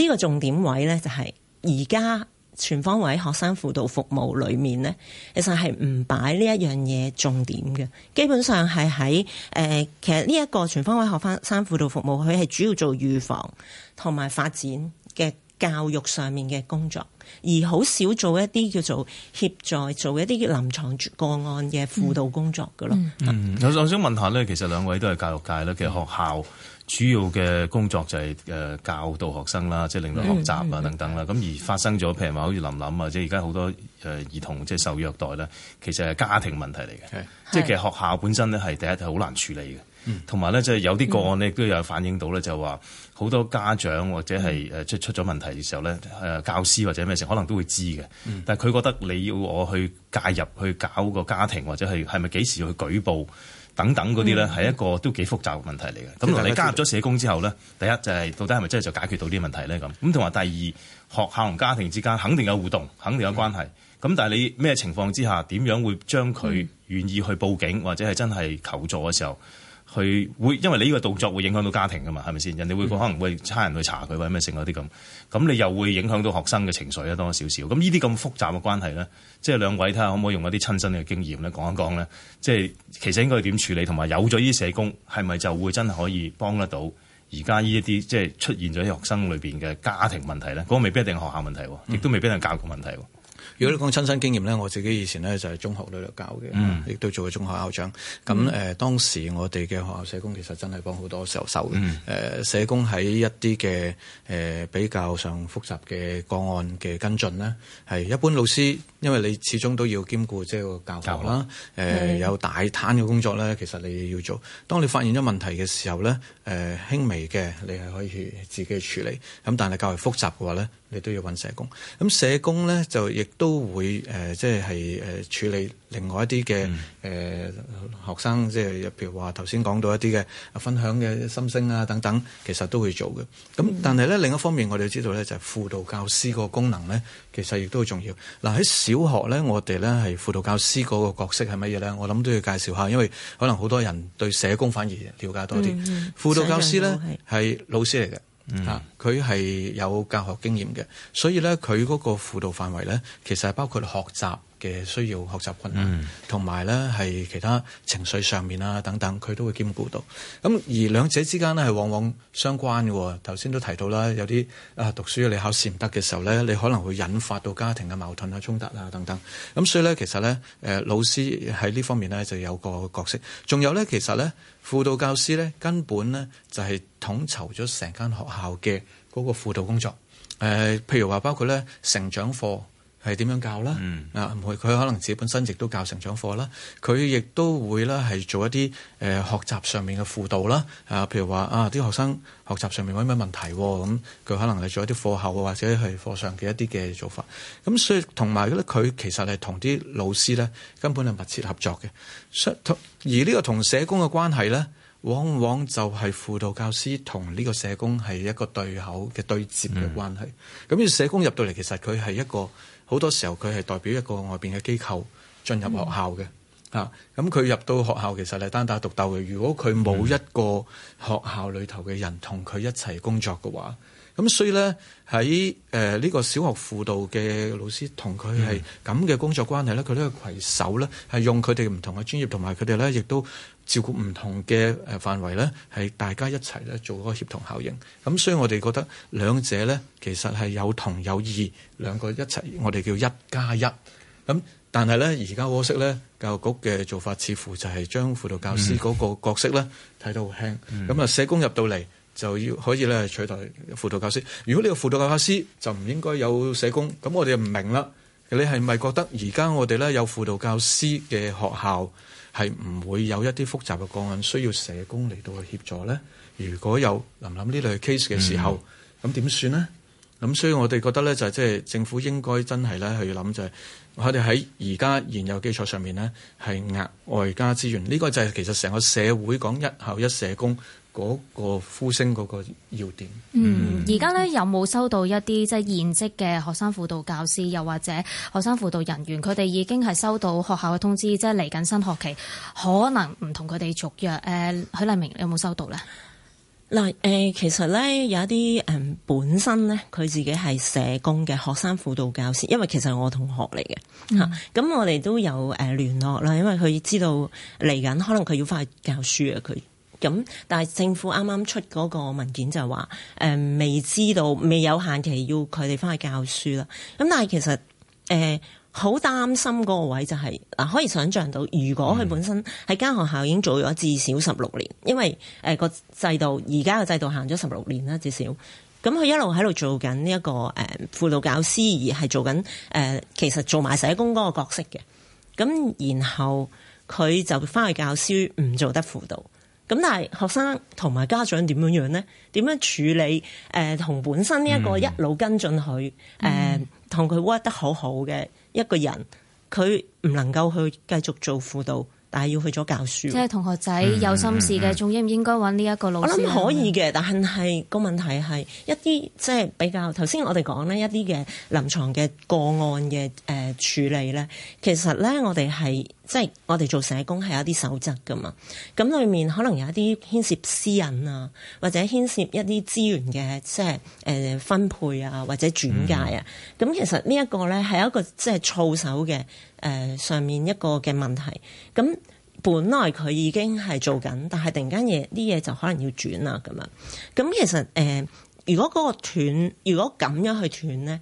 呢個重點位呢、就係，就係而家全方位學生輔導服務裡面呢，其實係唔擺呢一樣嘢重點嘅。基本上係喺誒，其實呢一個全方位學生輔導服務，佢係主要做預防同埋發展嘅教育上面嘅工作，而好少做一啲叫做協助做一啲臨床個案嘅輔導工作嘅咯。嗯，嗯嗯我想問下呢，其實兩位都係教育界啦，其實學校。嗯主要嘅工作就係誒教導學生啦，即係令到學習啊等等啦。咁而發生咗譬如話好似琳琳啊，即係而家好多誒兒童即係、就是、受虐待啦，其實係家庭問題嚟嘅。即係其實學校本身咧係第一係好難處理嘅，同埋咧即係有啲個案咧都有反映到咧就話好多家長或者係誒即係出咗問題嘅時候咧誒、嗯、教師或者咩時候可能都會知嘅，嗯、但係佢覺得你要我去介入去搞個家庭或者係係咪幾時去舉報？等等嗰啲咧，係一個都幾複雜嘅問題嚟嘅。咁同、嗯、你加入咗社工之後咧，第一就係、是、到底係咪真係就解決到啲問題咧？咁咁同埋第二學校同家庭之間肯定有互動，肯定有關係。咁、嗯、但係你咩情況之下點樣會將佢願意去報警或者係真係求助嘅時候？去會，因為你呢個動作會影響到家庭噶嘛，係咪先？人哋會、嗯、可能會差人去查佢，或者咩剩嗰啲咁。咁你又會影響到學生嘅情緒啊，多少少咁。呢啲咁複雜嘅關係咧，即係兩位睇下可唔可以用一啲親身嘅經驗咧講一講咧？即係其實應該點處理，同埋有咗呢啲社工，係咪就會真係可以幫得到而家呢一啲即係出現咗啲學生裏邊嘅家庭問題咧？嗰、嗰個未必一定學校問題，亦都未必係教育問題。嗯嗯如果你講親身經驗咧，我自己以前咧就係中學裏度教嘅，亦都、嗯、做過中學校長。咁誒、嗯呃，當時我哋嘅學校社工其實真係幫好多時候手嘅。誒、嗯呃，社工喺一啲嘅誒比較上複雜嘅個案嘅跟進咧，係一般老師，因為你始終都要兼顧即係個教學啦。誒，有大攤嘅工作咧，其實你要做。當你發現咗問題嘅時候咧，誒、呃、輕微嘅你係可以自己處理。咁但係較為複雜嘅話咧。你都要揾社工，咁社工咧就亦都會誒、呃，即係誒、呃、處理另外一啲嘅誒學生，即係譬如話頭先講到一啲嘅分享嘅心聲啊等等，其實都會做嘅。咁、嗯、但係咧另一方面，我哋知道咧就係、輔導教師個功能咧，其實亦都好重要。嗱、呃、喺小學咧，我哋咧係輔導教師嗰個角色係乜嘢咧？我諗都要介紹下，因為可能好多人對社工反而了解多啲。輔導、嗯嗯嗯、教師咧係老師嚟嘅。啊！佢係、嗯、有教學經驗嘅，所以咧佢嗰個輔導範圍咧，其實係包括學習嘅需要學習困難，同埋咧係其他情緒上面啊等等，佢都會兼顧到。咁而兩者之間咧係往往相關嘅。頭先都提到啦，有啲啊讀書你考試唔得嘅時候咧，你可能會引發到家庭嘅矛盾啊衝突啊等等。咁所以咧，其實咧，誒老師喺呢方面咧就有個角色。仲有咧，其實咧輔導教師咧根本咧就係統籌咗成間學校嘅嗰個輔導工作。誒、呃，譬如話包括咧成長課。係點樣教啦？嗯、啊，佢可能自己本身亦都教成長課啦，佢亦都會啦係做一啲誒、呃、學習上面嘅輔導啦。啊，譬如話啊，啲學生學習上面有咩問題咁，佢、啊、可能係做一啲課後或者係課上嘅一啲嘅做法。咁所以同埋咧，佢其實係同啲老師咧根本係密切合作嘅。所以，而呢個同社工嘅關係咧。往往就係輔導教師同呢個社工係一個對口嘅對接嘅關係。咁要、嗯、社工入到嚟，其實佢係一個好多時候佢係代表一個外邊嘅機構進入學校嘅啊。咁佢入到學校，其實係單打獨鬥嘅。如果佢冇一個學校裏頭嘅人同佢一齊工作嘅話，咁所以咧喺誒呢、呃呢個小學輔導嘅老師同佢係咁嘅工作關係咧，佢都係攜手咧，係用佢哋唔同嘅專業同埋佢哋咧，亦都照顧唔同嘅誒範圍咧，係大家一齊咧做嗰個協同效應。咁所以我哋覺得兩者咧其實係有同有異，兩個一齊我哋叫一加一。咁但係咧而家可惜咧，教育局嘅做法似乎就係將輔導教師嗰個角色咧睇得好輕。咁啊、嗯嗯、社工入到嚟，就要可以咧取代輔導教師。如果你個輔導教師就唔應該有社工，咁我哋唔明啦。你係咪覺得而家我哋咧有輔導教師嘅學校係唔會有一啲複雜嘅個案需要社工嚟到去協助咧？如果有諗諗呢類 case 嘅時候，咁點算呢？咁所以我哋覺得咧就係即係政府應該真係咧去諗就係我哋喺而家現有基礎上面咧係額外加資源。呢個就係其實成個社會講一校一社工。嗰個呼聲嗰個要點？嗯，而家咧有冇收到一啲即係現職嘅學生輔導教師，又或者學生輔導人員，佢哋已經係收到學校嘅通知，即係嚟緊新學期，可能唔同佢哋續約。誒、呃，許麗明有冇收到呢？嗱，誒，其實咧有一啲誒本身咧，佢自己係社工嘅學生輔導教師，因為其實我同學嚟嘅嚇，咁、嗯嗯、我哋都有誒聯絡啦，因為佢知道嚟緊可能佢要翻去教書啊，佢。咁，但係政府啱啱出嗰個文件就係話，誒、呃、未知道未有限期要佢哋翻去教書啦。咁但係其實誒好擔心嗰個位就係、是、嗱、呃，可以想像到，如果佢本身喺間、嗯、學校已經做咗至少十六年，因為誒個、呃、制度而家嘅制度行咗十六年啦，至少咁佢一路喺度做緊呢一個誒輔、呃、導教師，而係做緊誒、呃、其實做埋社工嗰個角色嘅。咁然後佢就翻去教書，唔做得輔導。咁但係學生同埋家長點樣樣咧？點樣處理？誒、呃、同本身呢一個一路跟進佢誒，同佢 work 得好好嘅一個人，佢唔能夠去繼續做輔導，但係要去咗教書，即係同學仔有心事嘅，仲應唔應該搵呢一個老師？我諗可以嘅，是是但係個問題係一啲即係比較頭先我哋講呢一啲嘅臨床嘅個案嘅誒、呃、處理咧，其實咧我哋係。即係我哋做社工係有啲守則噶嘛，咁裡面可能有一啲牽涉私隱啊，或者牽涉一啲資源嘅即係誒、呃、分配啊，或者轉介啊，咁、嗯、其實呢一個咧係一個即係操守嘅誒、呃、上面一個嘅問題。咁本來佢已經係做緊，但係突然間嘢啲嘢就可能要轉啦咁啊。咁其實誒、呃，如果嗰個斷，如果咁樣去斷咧？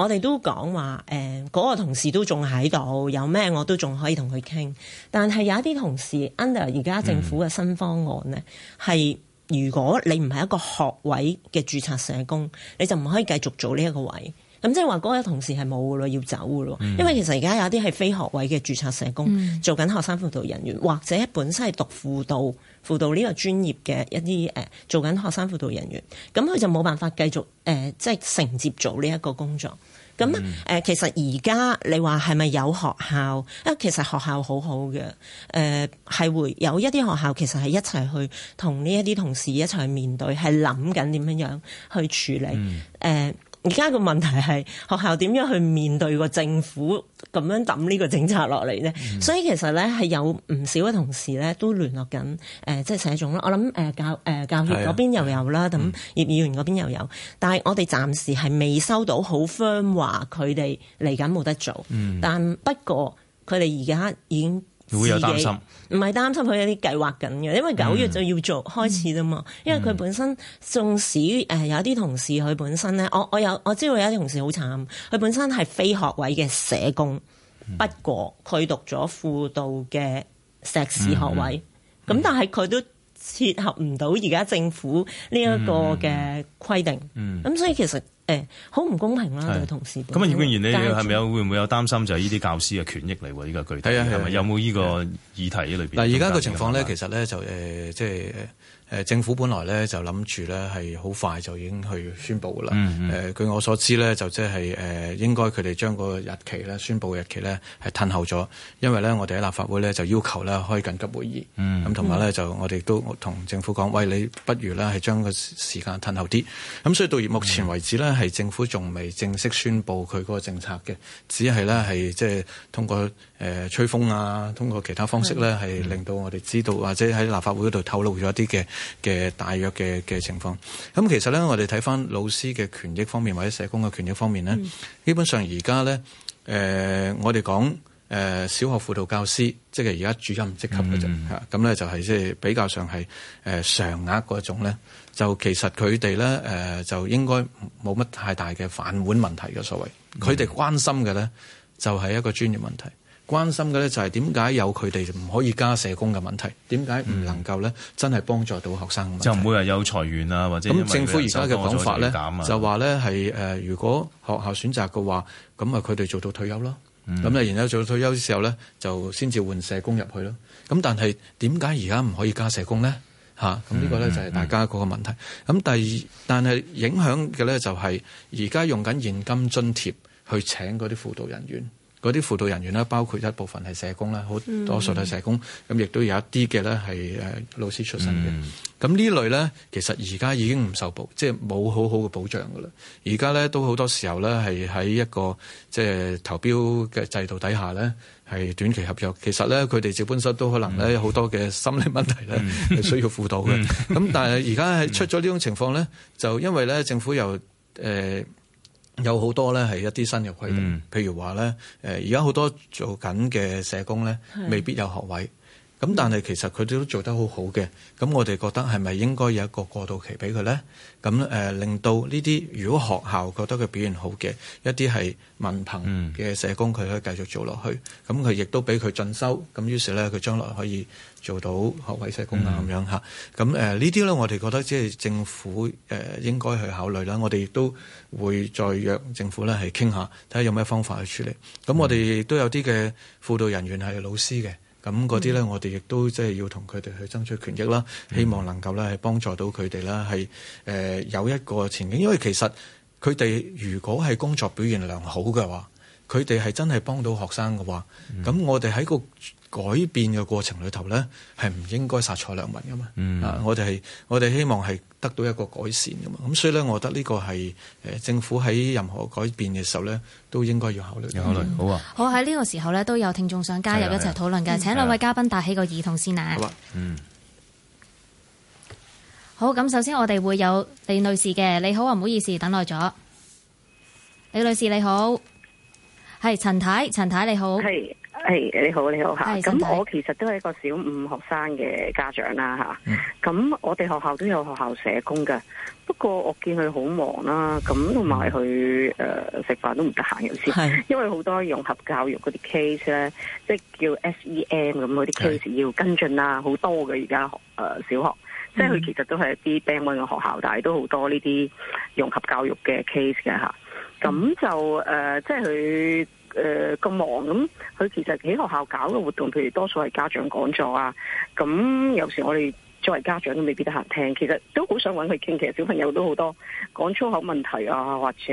我哋都講話誒，嗰、欸那個同事都仲喺度，有咩我都仲可以同佢傾。但係有一啲同事 under 而家政府嘅新方案咧，係、嗯、如果你唔係一個學位嘅註冊社工，你就唔可以繼續做呢一個位。咁即係話嗰個同事係冇咯，要走噶咯。嗯、因為其實而家有啲係非學位嘅註冊社工，做緊學生輔導人員或者本身係讀輔導。輔導呢個專業嘅一啲誒、呃、做緊學生輔導人員，咁佢就冇辦法繼續誒即係承接做呢一個工作。咁誒、嗯呃、其實而家你話係咪有學校？啊，其實學校好好嘅誒，係、呃、會有一啲學校其實係一齊去同呢一啲同事一齊面對，係諗緊點樣樣去處理誒。嗯呃而家個問題係學校點樣去面對個政府咁樣抌呢個政策落嚟咧？嗯、所以其實咧係有唔少嘅同事咧都聯絡緊誒，即係社總啦。我諗誒、呃、教誒、呃、教協嗰邊又有啦，咁葉、嗯、議員嗰邊又有。但係我哋暫時係未收到好 firm 話佢哋嚟緊冇得做。嗯。但不過佢哋而家已經。會有擔心，唔係擔心佢有啲計劃緊嘅，因為九月就要做開始啦嘛。嗯、因為佢本身，縱使誒有啲同事佢本身咧，我我有我知道有啲同事好慘，佢本身係非學位嘅社工，嗯、不過佢讀咗輔導嘅碩士學位，咁、嗯嗯、但係佢都切合唔到而家政府呢一個嘅規定，咁、嗯嗯嗯、所以其實。好唔、欸、公平啦，是對同事咁啊！葉建源，你係咪有會唔會有擔心？就係呢啲教師嘅權益嚟喎，呢、呢個具體係咪有冇呢個議題喺裏邊但嗱，而家個情況咧， 其實咧就誒、呃，即係。誒、呃、政府本來咧就諗住咧係好快就已經去宣布㗎啦。誒、嗯嗯呃、據我所知咧就即係誒應該佢哋將個日期咧宣佈嘅日期咧係褪後咗，因為咧我哋喺立法會咧就要求咧開緊急會議，咁同埋咧就我哋都同政府講，喂，你不如咧係將個時間褪後啲。咁、嗯、所以到目前為止咧，係、嗯嗯、政府仲未正式宣布佢嗰個政策嘅，只係咧係即係通過。誒吹風啊，通過其他方式咧，係令到我哋知道，或者喺立法會嗰度透露咗一啲嘅嘅大約嘅嘅情況。咁其實咧，我哋睇翻老師嘅權益方面，或者社工嘅權益方面咧，基本上而家咧，誒我哋講誒小學輔導教師，即係而家主任職級嘅啫嚇，咁咧就係即係比較上係誒常額嗰種咧，就其實佢哋咧誒就應該冇乜太大嘅飯碗問題嘅所謂。佢哋關心嘅咧就係一個專業問題。關心嘅咧就係點解有佢哋唔可以加社工嘅問題？點解唔能夠咧真係幫助到學生？就唔會話有裁員啊，或者咁政府而家嘅講法咧，就話咧係誒，如果學校選擇嘅話，咁啊，佢哋做到退休咯。咁啊、嗯，然後做到退休嘅時候咧，就先至換社工入去咯。咁但係點解而家唔可以加社工咧？嚇、啊，咁呢個咧就係大家嗰個問題。咁、嗯嗯、第二，但係影響嘅咧就係而家用緊現金津貼去請嗰啲輔導人員。嗰啲輔導人員咧，包括一部分係社工啦，好多數係社工，咁亦都有一啲嘅咧係誒老師出身嘅。咁、嗯、呢類咧，其實而家已經唔受保，即係冇好好嘅保障噶啦。而家咧都好多時候咧係喺一個即係投標嘅制度底下咧係短期合約。其實咧佢哋直本身都可能咧有好多嘅心理問題咧係需要輔導嘅。咁、嗯、 但係而家係出咗呢種情況咧，就因為咧政府又。誒、呃。有好多咧係一啲新嘅規定，嗯、譬如話咧，誒而家好多做緊嘅社工咧，未必有學位。咁但係其實佢哋都做得好好嘅，咁我哋覺得係咪應該有一個過渡期俾佢呢？咁誒、呃、令到呢啲，如果學校覺得佢表現好嘅，一啲係文憑嘅社工，佢可以繼續做落去。咁佢亦都俾佢進修，咁於是呢，佢將來可以做到學位社工啊咁、嗯、樣嚇。咁誒呢啲呢，我哋覺得即係政府誒應該去考慮啦。我哋亦都會再約政府呢係傾下，睇下有咩方法去處理。咁我哋亦都有啲嘅輔導人員係老師嘅。咁嗰啲咧，我哋亦都即係要同佢哋去爭取權益啦，希望能夠咧係幫助到佢哋啦，係誒、呃、有一個前景。因為其實佢哋如果係工作表現良好嘅話，佢哋係真係幫到學生嘅話，咁、嗯、我哋喺個改變嘅過程裏頭咧，係唔應該殺錯良民嘅嘛？嗯、啊，我哋係我哋希望係。得到一個改善㗎嘛。咁所以呢，我覺得呢個係政府喺任何改變嘅時候呢，都應該要考慮。有考慮，好啊！我喺呢個時候呢，都有聽眾想加入一齊討論嘅。嗯、請兩位嘉賓帶起個耳筒先啊！好啊，嗯。好，咁首先我哋會有李女士嘅，你好啊，唔好意思等耐咗。李女士你好，係陳太，陳太你好。誒，hey, 你好，你好吓，咁、嗯、我其實都係一個小五學生嘅家長啦吓，咁、嗯啊、我哋學校都有學校社工噶，不過我見佢好忙啦、啊，咁同埋佢誒食飯都唔得閒有時，呃嗯、因為好多融合教育嗰啲 case 咧，即係叫 SEM 咁嗰啲 case 要跟進啦，好、嗯、多嘅而家學誒小學，嗯、即係佢其實都係一啲 band one 嘅學校，但係都好多呢啲融合教育嘅 case 嘅吓，咁、啊、就誒、呃、即係佢。誒，咁、呃、忙咁，佢其實喺學校搞嘅活動，譬如多數係家長講座啊，咁有時我哋作為家長都未必得閒聽，其實都好想搵佢傾。其實小朋友都好多講粗口問題啊，或者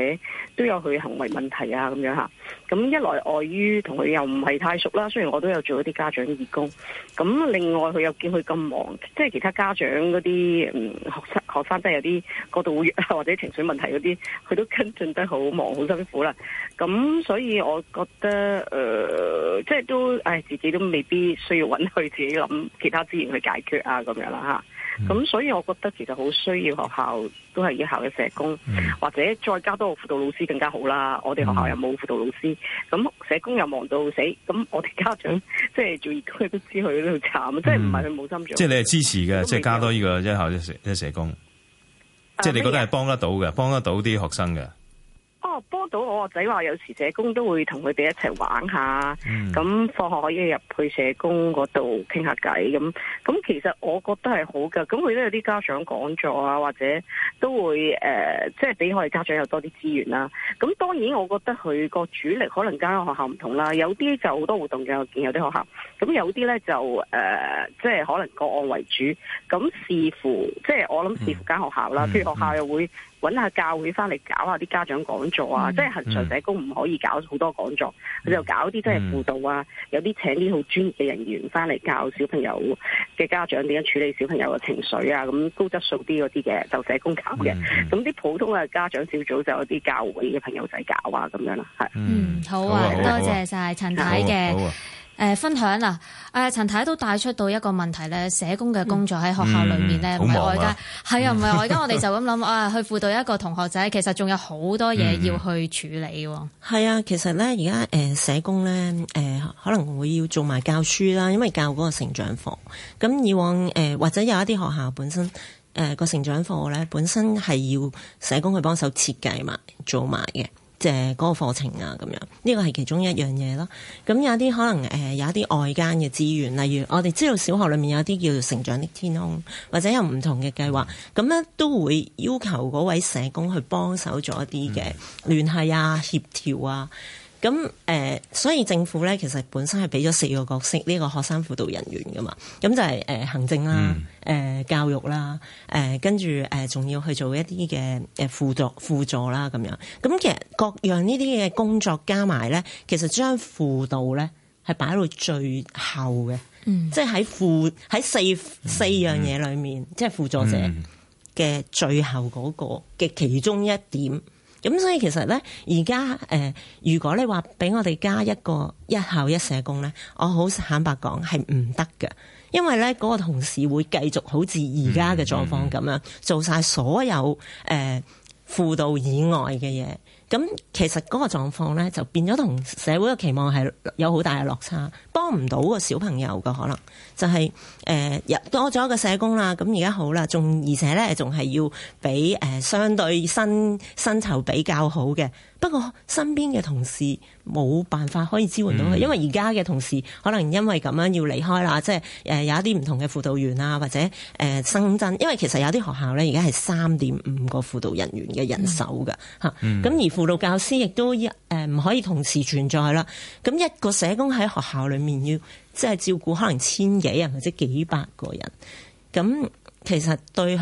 都有佢行為問題啊，咁樣吓。咁一來礙於同佢又唔係太熟啦，雖然我都有做一啲家長義工。咁另外佢又見佢咁忙，即係其他家長嗰啲嗯，學生學生真係有啲角度會弱或者情緒問題嗰啲，佢都跟進得好忙好辛苦啦。咁所以我覺得誒、呃，即係都唉自己都未必需要揾佢，自己諗其他資源去解決，啊咁樣啦嚇。啊。咁、嗯、所以我覺得其實好需要學校都係一校嘅社工，嗯、或者再加多個輔導老師更加好啦。我哋學校又冇輔導老師，咁、嗯、社工又忙到死，咁我哋家長即係、就是、做而家都知佢喺度慘，即係唔係佢冇心做。即係你係支持嘅，即係加多呢個一校一社一社工，啊、即係你覺得係幫得到嘅，幫、啊、得到啲學生嘅。哦，幫到我個仔話，有時社工都會同佢哋一齊玩下，咁、嗯、放學可以入去社工嗰度傾下偈咁。咁其實我覺得係好噶，咁佢都有啲家長講座啊，或者都會誒、呃，即係俾我哋家長有多啲資源啦、啊。咁當然我覺得佢個主力可能間學校唔同啦，有啲就好多活動嘅，我見有啲學校，咁有啲呢就誒、呃，即係可能個案為主。咁視乎即係我諗視乎間學校啦，譬、嗯嗯嗯、如學校又會。搵下教會翻嚟搞下啲家長講座啊，嗯、即係恒常社工唔可以搞好多講座，佢、嗯、就搞啲即係輔導啊，嗯、有啲請啲好專業嘅人員翻嚟教小朋友嘅家長點樣處理小朋友嘅情緒啊，咁高質素啲嗰啲嘅就社工搞嘅，咁啲、嗯、普通嘅家長小組就有啲教會嘅朋友仔搞啊，咁樣啦，係。嗯，好啊，多謝晒陳太嘅、啊。誒、呃、分享啊！誒、呃、陳太都帶出到一個問題咧，社工嘅工作喺學校裡面咧，唔係外家，係啊，唔係外家我哋就咁諗 啊，去輔導一個同學仔，其實仲有好多嘢要去處理喎。係、嗯、啊，其實咧而家誒社工咧誒、呃、可能會要做埋教書啦，因為教嗰個成長課。咁以往誒、呃、或者有一啲學校本身誒個、呃、成長課咧，本身係要社工去幫手設計埋做埋嘅。誒嗰個課程啊，咁樣呢個係其中一樣嘢咯。咁有啲可能誒，有一啲外間嘅資源，例如我哋知道小學裏面有啲叫做成長的天空，或者有唔同嘅計劃，咁咧都會要求嗰位社工去幫手做一啲嘅聯繫啊、協調啊。咁誒、呃、所以政府咧，其實本身係俾咗四個角色呢個學生輔導人員噶嘛，咁就係、是、誒、呃、行政啦、啊、誒、呃、教育啦、啊、誒跟住誒仲要去做一啲嘅誒輔助輔助啦、啊、咁樣，咁其實各樣呢啲嘅工作加埋咧，其實將輔導咧係擺到最後嘅，嗯嗯，嗯，即係喺輔喺四四樣嘢裏面，即係輔助者嘅最後嗰個嘅其中一點。咁、嗯、所以其實咧，而家誒，如果你話俾我哋加一個一校一社工咧，我好坦白講係唔得嘅，因為咧嗰個同事會繼續好似而家嘅狀況咁樣做晒所有誒輔導以外嘅嘢。咁其實嗰個狀況咧，就變咗同社會嘅期望係有好大嘅落差，幫唔到個小朋友嘅可能就係誒又多咗一個社工啦。咁而家好啦，仲而且咧仲係要畀誒、呃、相對薪薪酬比較好嘅。不過身邊嘅同事冇辦法可以支援到佢，因為而家嘅同事可能因為咁樣要離開啦，即係誒有一啲唔同嘅輔導員啦，或者誒新增，因為其實有啲學校咧而家係三點五個輔導人員嘅人手㗎吓，咁、嗯、而輔導教師亦都誒唔可以同時存在啦。咁一個社工喺學校裏面要即係照顧可能千幾人或者幾百個人，咁其實對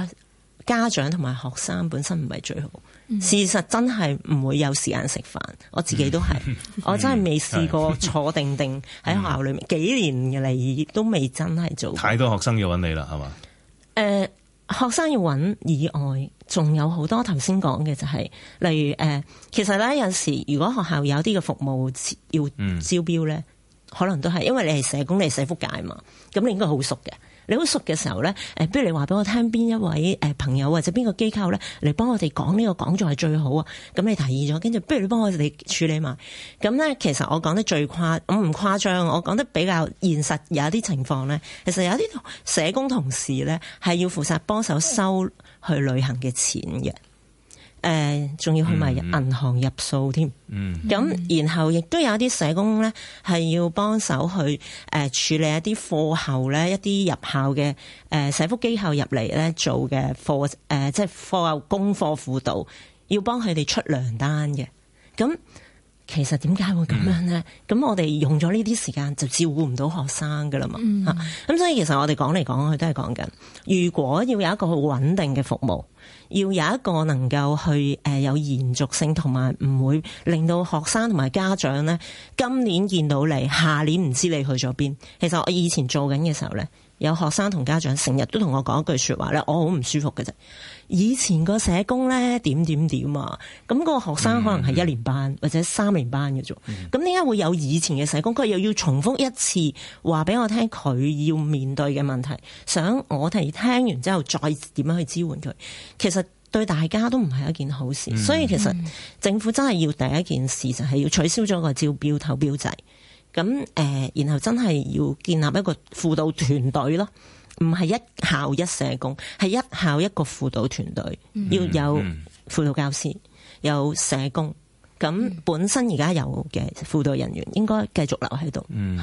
家長同埋學生本身唔係最好。事實真係唔會有時間食飯，我自己都係， 我真係未試過坐定定喺學校裏面 幾年嚟都未真係做。太多學生要揾你啦，係嘛？誒、呃，學生要揾以外，仲有好多頭先講嘅就係、是，例如誒、呃，其實咧有時如果學校有啲嘅服務要招標咧，嗯、可能都係，因為你係社工，你係社福界嘛，咁你應該好熟嘅。你好熟嘅時候咧，誒，不如你話俾我聽邊一位誒朋友或者邊個機構咧嚟幫我哋講呢個講座係最好啊！咁你提議咗，跟住不如你幫我哋處理埋。咁咧，其實我講得最誇，我唔誇張，我講得比較現實。有一啲情況咧，其實有啲社工同事咧係要負責幫手收去旅行嘅錢嘅。誒仲、呃、要去埋銀行入數添，咁、嗯、哼然後亦都有一啲社工咧係要幫手去誒、呃、處理一啲課後咧一啲入校嘅誒、呃、社福機構入嚟咧做嘅課誒、呃、即係課後功課輔導，要幫佢哋出糧單嘅，咁。其實點解會咁樣呢？咁、嗯、我哋用咗呢啲時間就照顧唔到學生㗎喇嘛嚇！咁、嗯啊、所以其實我哋講嚟講去都係講緊，如果要有一個好穩定嘅服務，要有一個能夠去誒、呃、有延續性同埋唔會令到學生同埋家長呢今年見到你，下年唔知你去咗邊。其實我以前做緊嘅時候呢。有學生同家長成日都同我講一句説話咧，我好唔舒服嘅啫。以前個社工咧點點點啊，咁個學生可能係一年班、mm hmm. 或者三年班嘅啫。咁點解會有以前嘅社工，佢又要重複一次話俾我聽佢要面對嘅問題，想我哋聽完之後再點樣去支援佢？其實對大家都唔係一件好事。Mm hmm. 所以其實政府真係要第一件事就係要取消咗個招標投標制。咁誒，然後真係要建立一個輔導團隊咯，唔係一校一社工，係一校一個輔導團隊，要有輔導教師，有社工。咁、嗯、本身而家有嘅輔導人員應該繼續留喺度。嗯，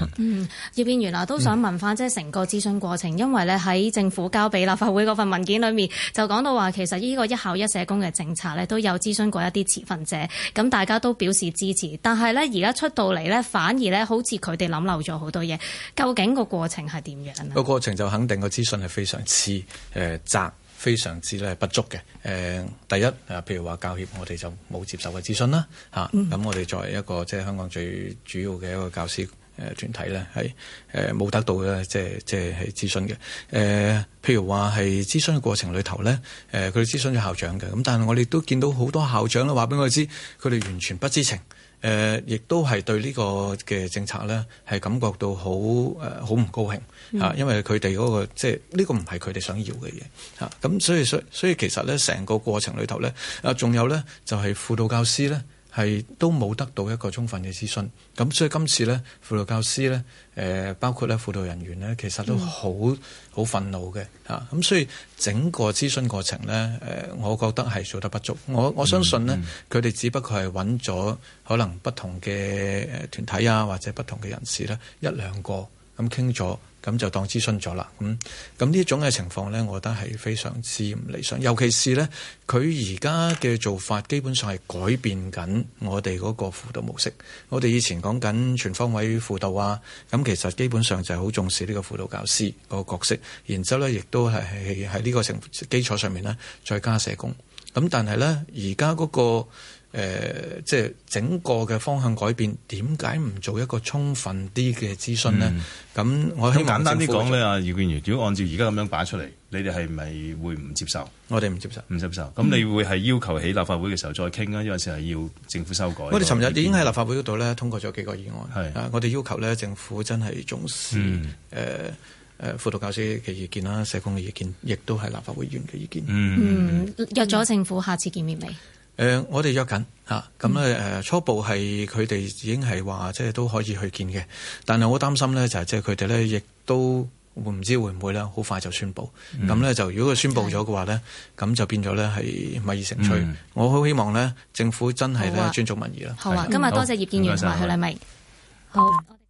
葉建源啊，都想問翻即係成個諮詢過程，嗯、因為咧喺政府交俾立法會嗰份文件裏面，就講到話其實呢個一校一社工嘅政策咧都有諮詢過一啲持份者，咁大家都表示支持。但係呢而家出到嚟呢，反而呢好似佢哋諗漏咗好多嘢。究竟個過程係點樣咧？個過程就肯定個諮詢係非常之誒、呃、窄。非常之咧不足嘅，誒、呃、第一誒、啊，譬如話教協，我哋就冇接受嘅諮詢啦，吓、啊，咁我哋作為一個即係、就是、香港最主要嘅一個教師。誒團體咧，係誒冇得到嘅，即係即係係諮詢嘅。誒、呃，譬如話係諮詢嘅過程裏頭咧，誒佢哋諮詢咗校長嘅。咁但係我哋都見到好多校長咧，話俾我哋知，佢哋完全不知情。誒、呃，亦都係對呢個嘅政策咧，係感覺到好誒，好、呃、唔高興嚇、啊，因為佢哋嗰個即係呢、這個唔係佢哋想要嘅嘢嚇。咁、啊、所以所以所以其實咧，成個過程裏頭咧，啊，仲有咧就係、是、輔導教師咧。係都冇得到一個充分嘅諮詢，咁所以今次呢輔導教師呢，誒、呃、包括咧輔導人員呢，其實都好好、嗯、憤怒嘅嚇，咁、啊、所以整個諮詢過程呢，誒、呃、我覺得係做得不足，我我相信呢，佢哋、嗯嗯、只不過係揾咗可能不同嘅團體啊，或者不同嘅人士咧一兩個咁傾咗。咁就當諮詢咗啦。咁咁呢種嘅情況呢，我覺得係非常之唔理想。尤其是呢，佢而家嘅做法基本上係改變緊我哋嗰個輔導模式。我哋以前講緊全方位輔導啊，咁其實基本上就係好重視呢個輔導教師個角色。然之後呢，亦都係喺呢個成基礎上面呢，再加社工。咁但係呢，而家嗰個誒，即係整個嘅方向改變，點解唔做一個充分啲嘅諮詢呢？咁我好簡單啲講咧，啊，葉建源如果按照而家咁樣擺出嚟，你哋係咪會唔接受？我哋唔接受，唔接受。咁你會係要求喺立法會嘅時候再傾啊？因為是係要政府修改。我哋尋日已經喺立法會嗰度咧通過咗幾個議案。係我哋要求咧政府真係重視誒誒輔導教師嘅意見啦、社工嘅意見，亦都係立法會議員嘅意見。嗯，約咗政府下次見面未？誒、呃，我哋約緊嚇，咁咧誒，初步係佢哋已經係話，即係都可以去見嘅。但係我擔心咧，就係、是、即係佢哋咧，亦都會唔知會唔會咧，好快就宣布。咁咧就如果佢宣布咗嘅話咧，咁、嗯、就變咗咧係米已成炊。嗯、我好希望咧，政府真係咧尊重民意啦、啊。好啊，今日多謝，謝葉建源同埋許麗明。好。拜拜。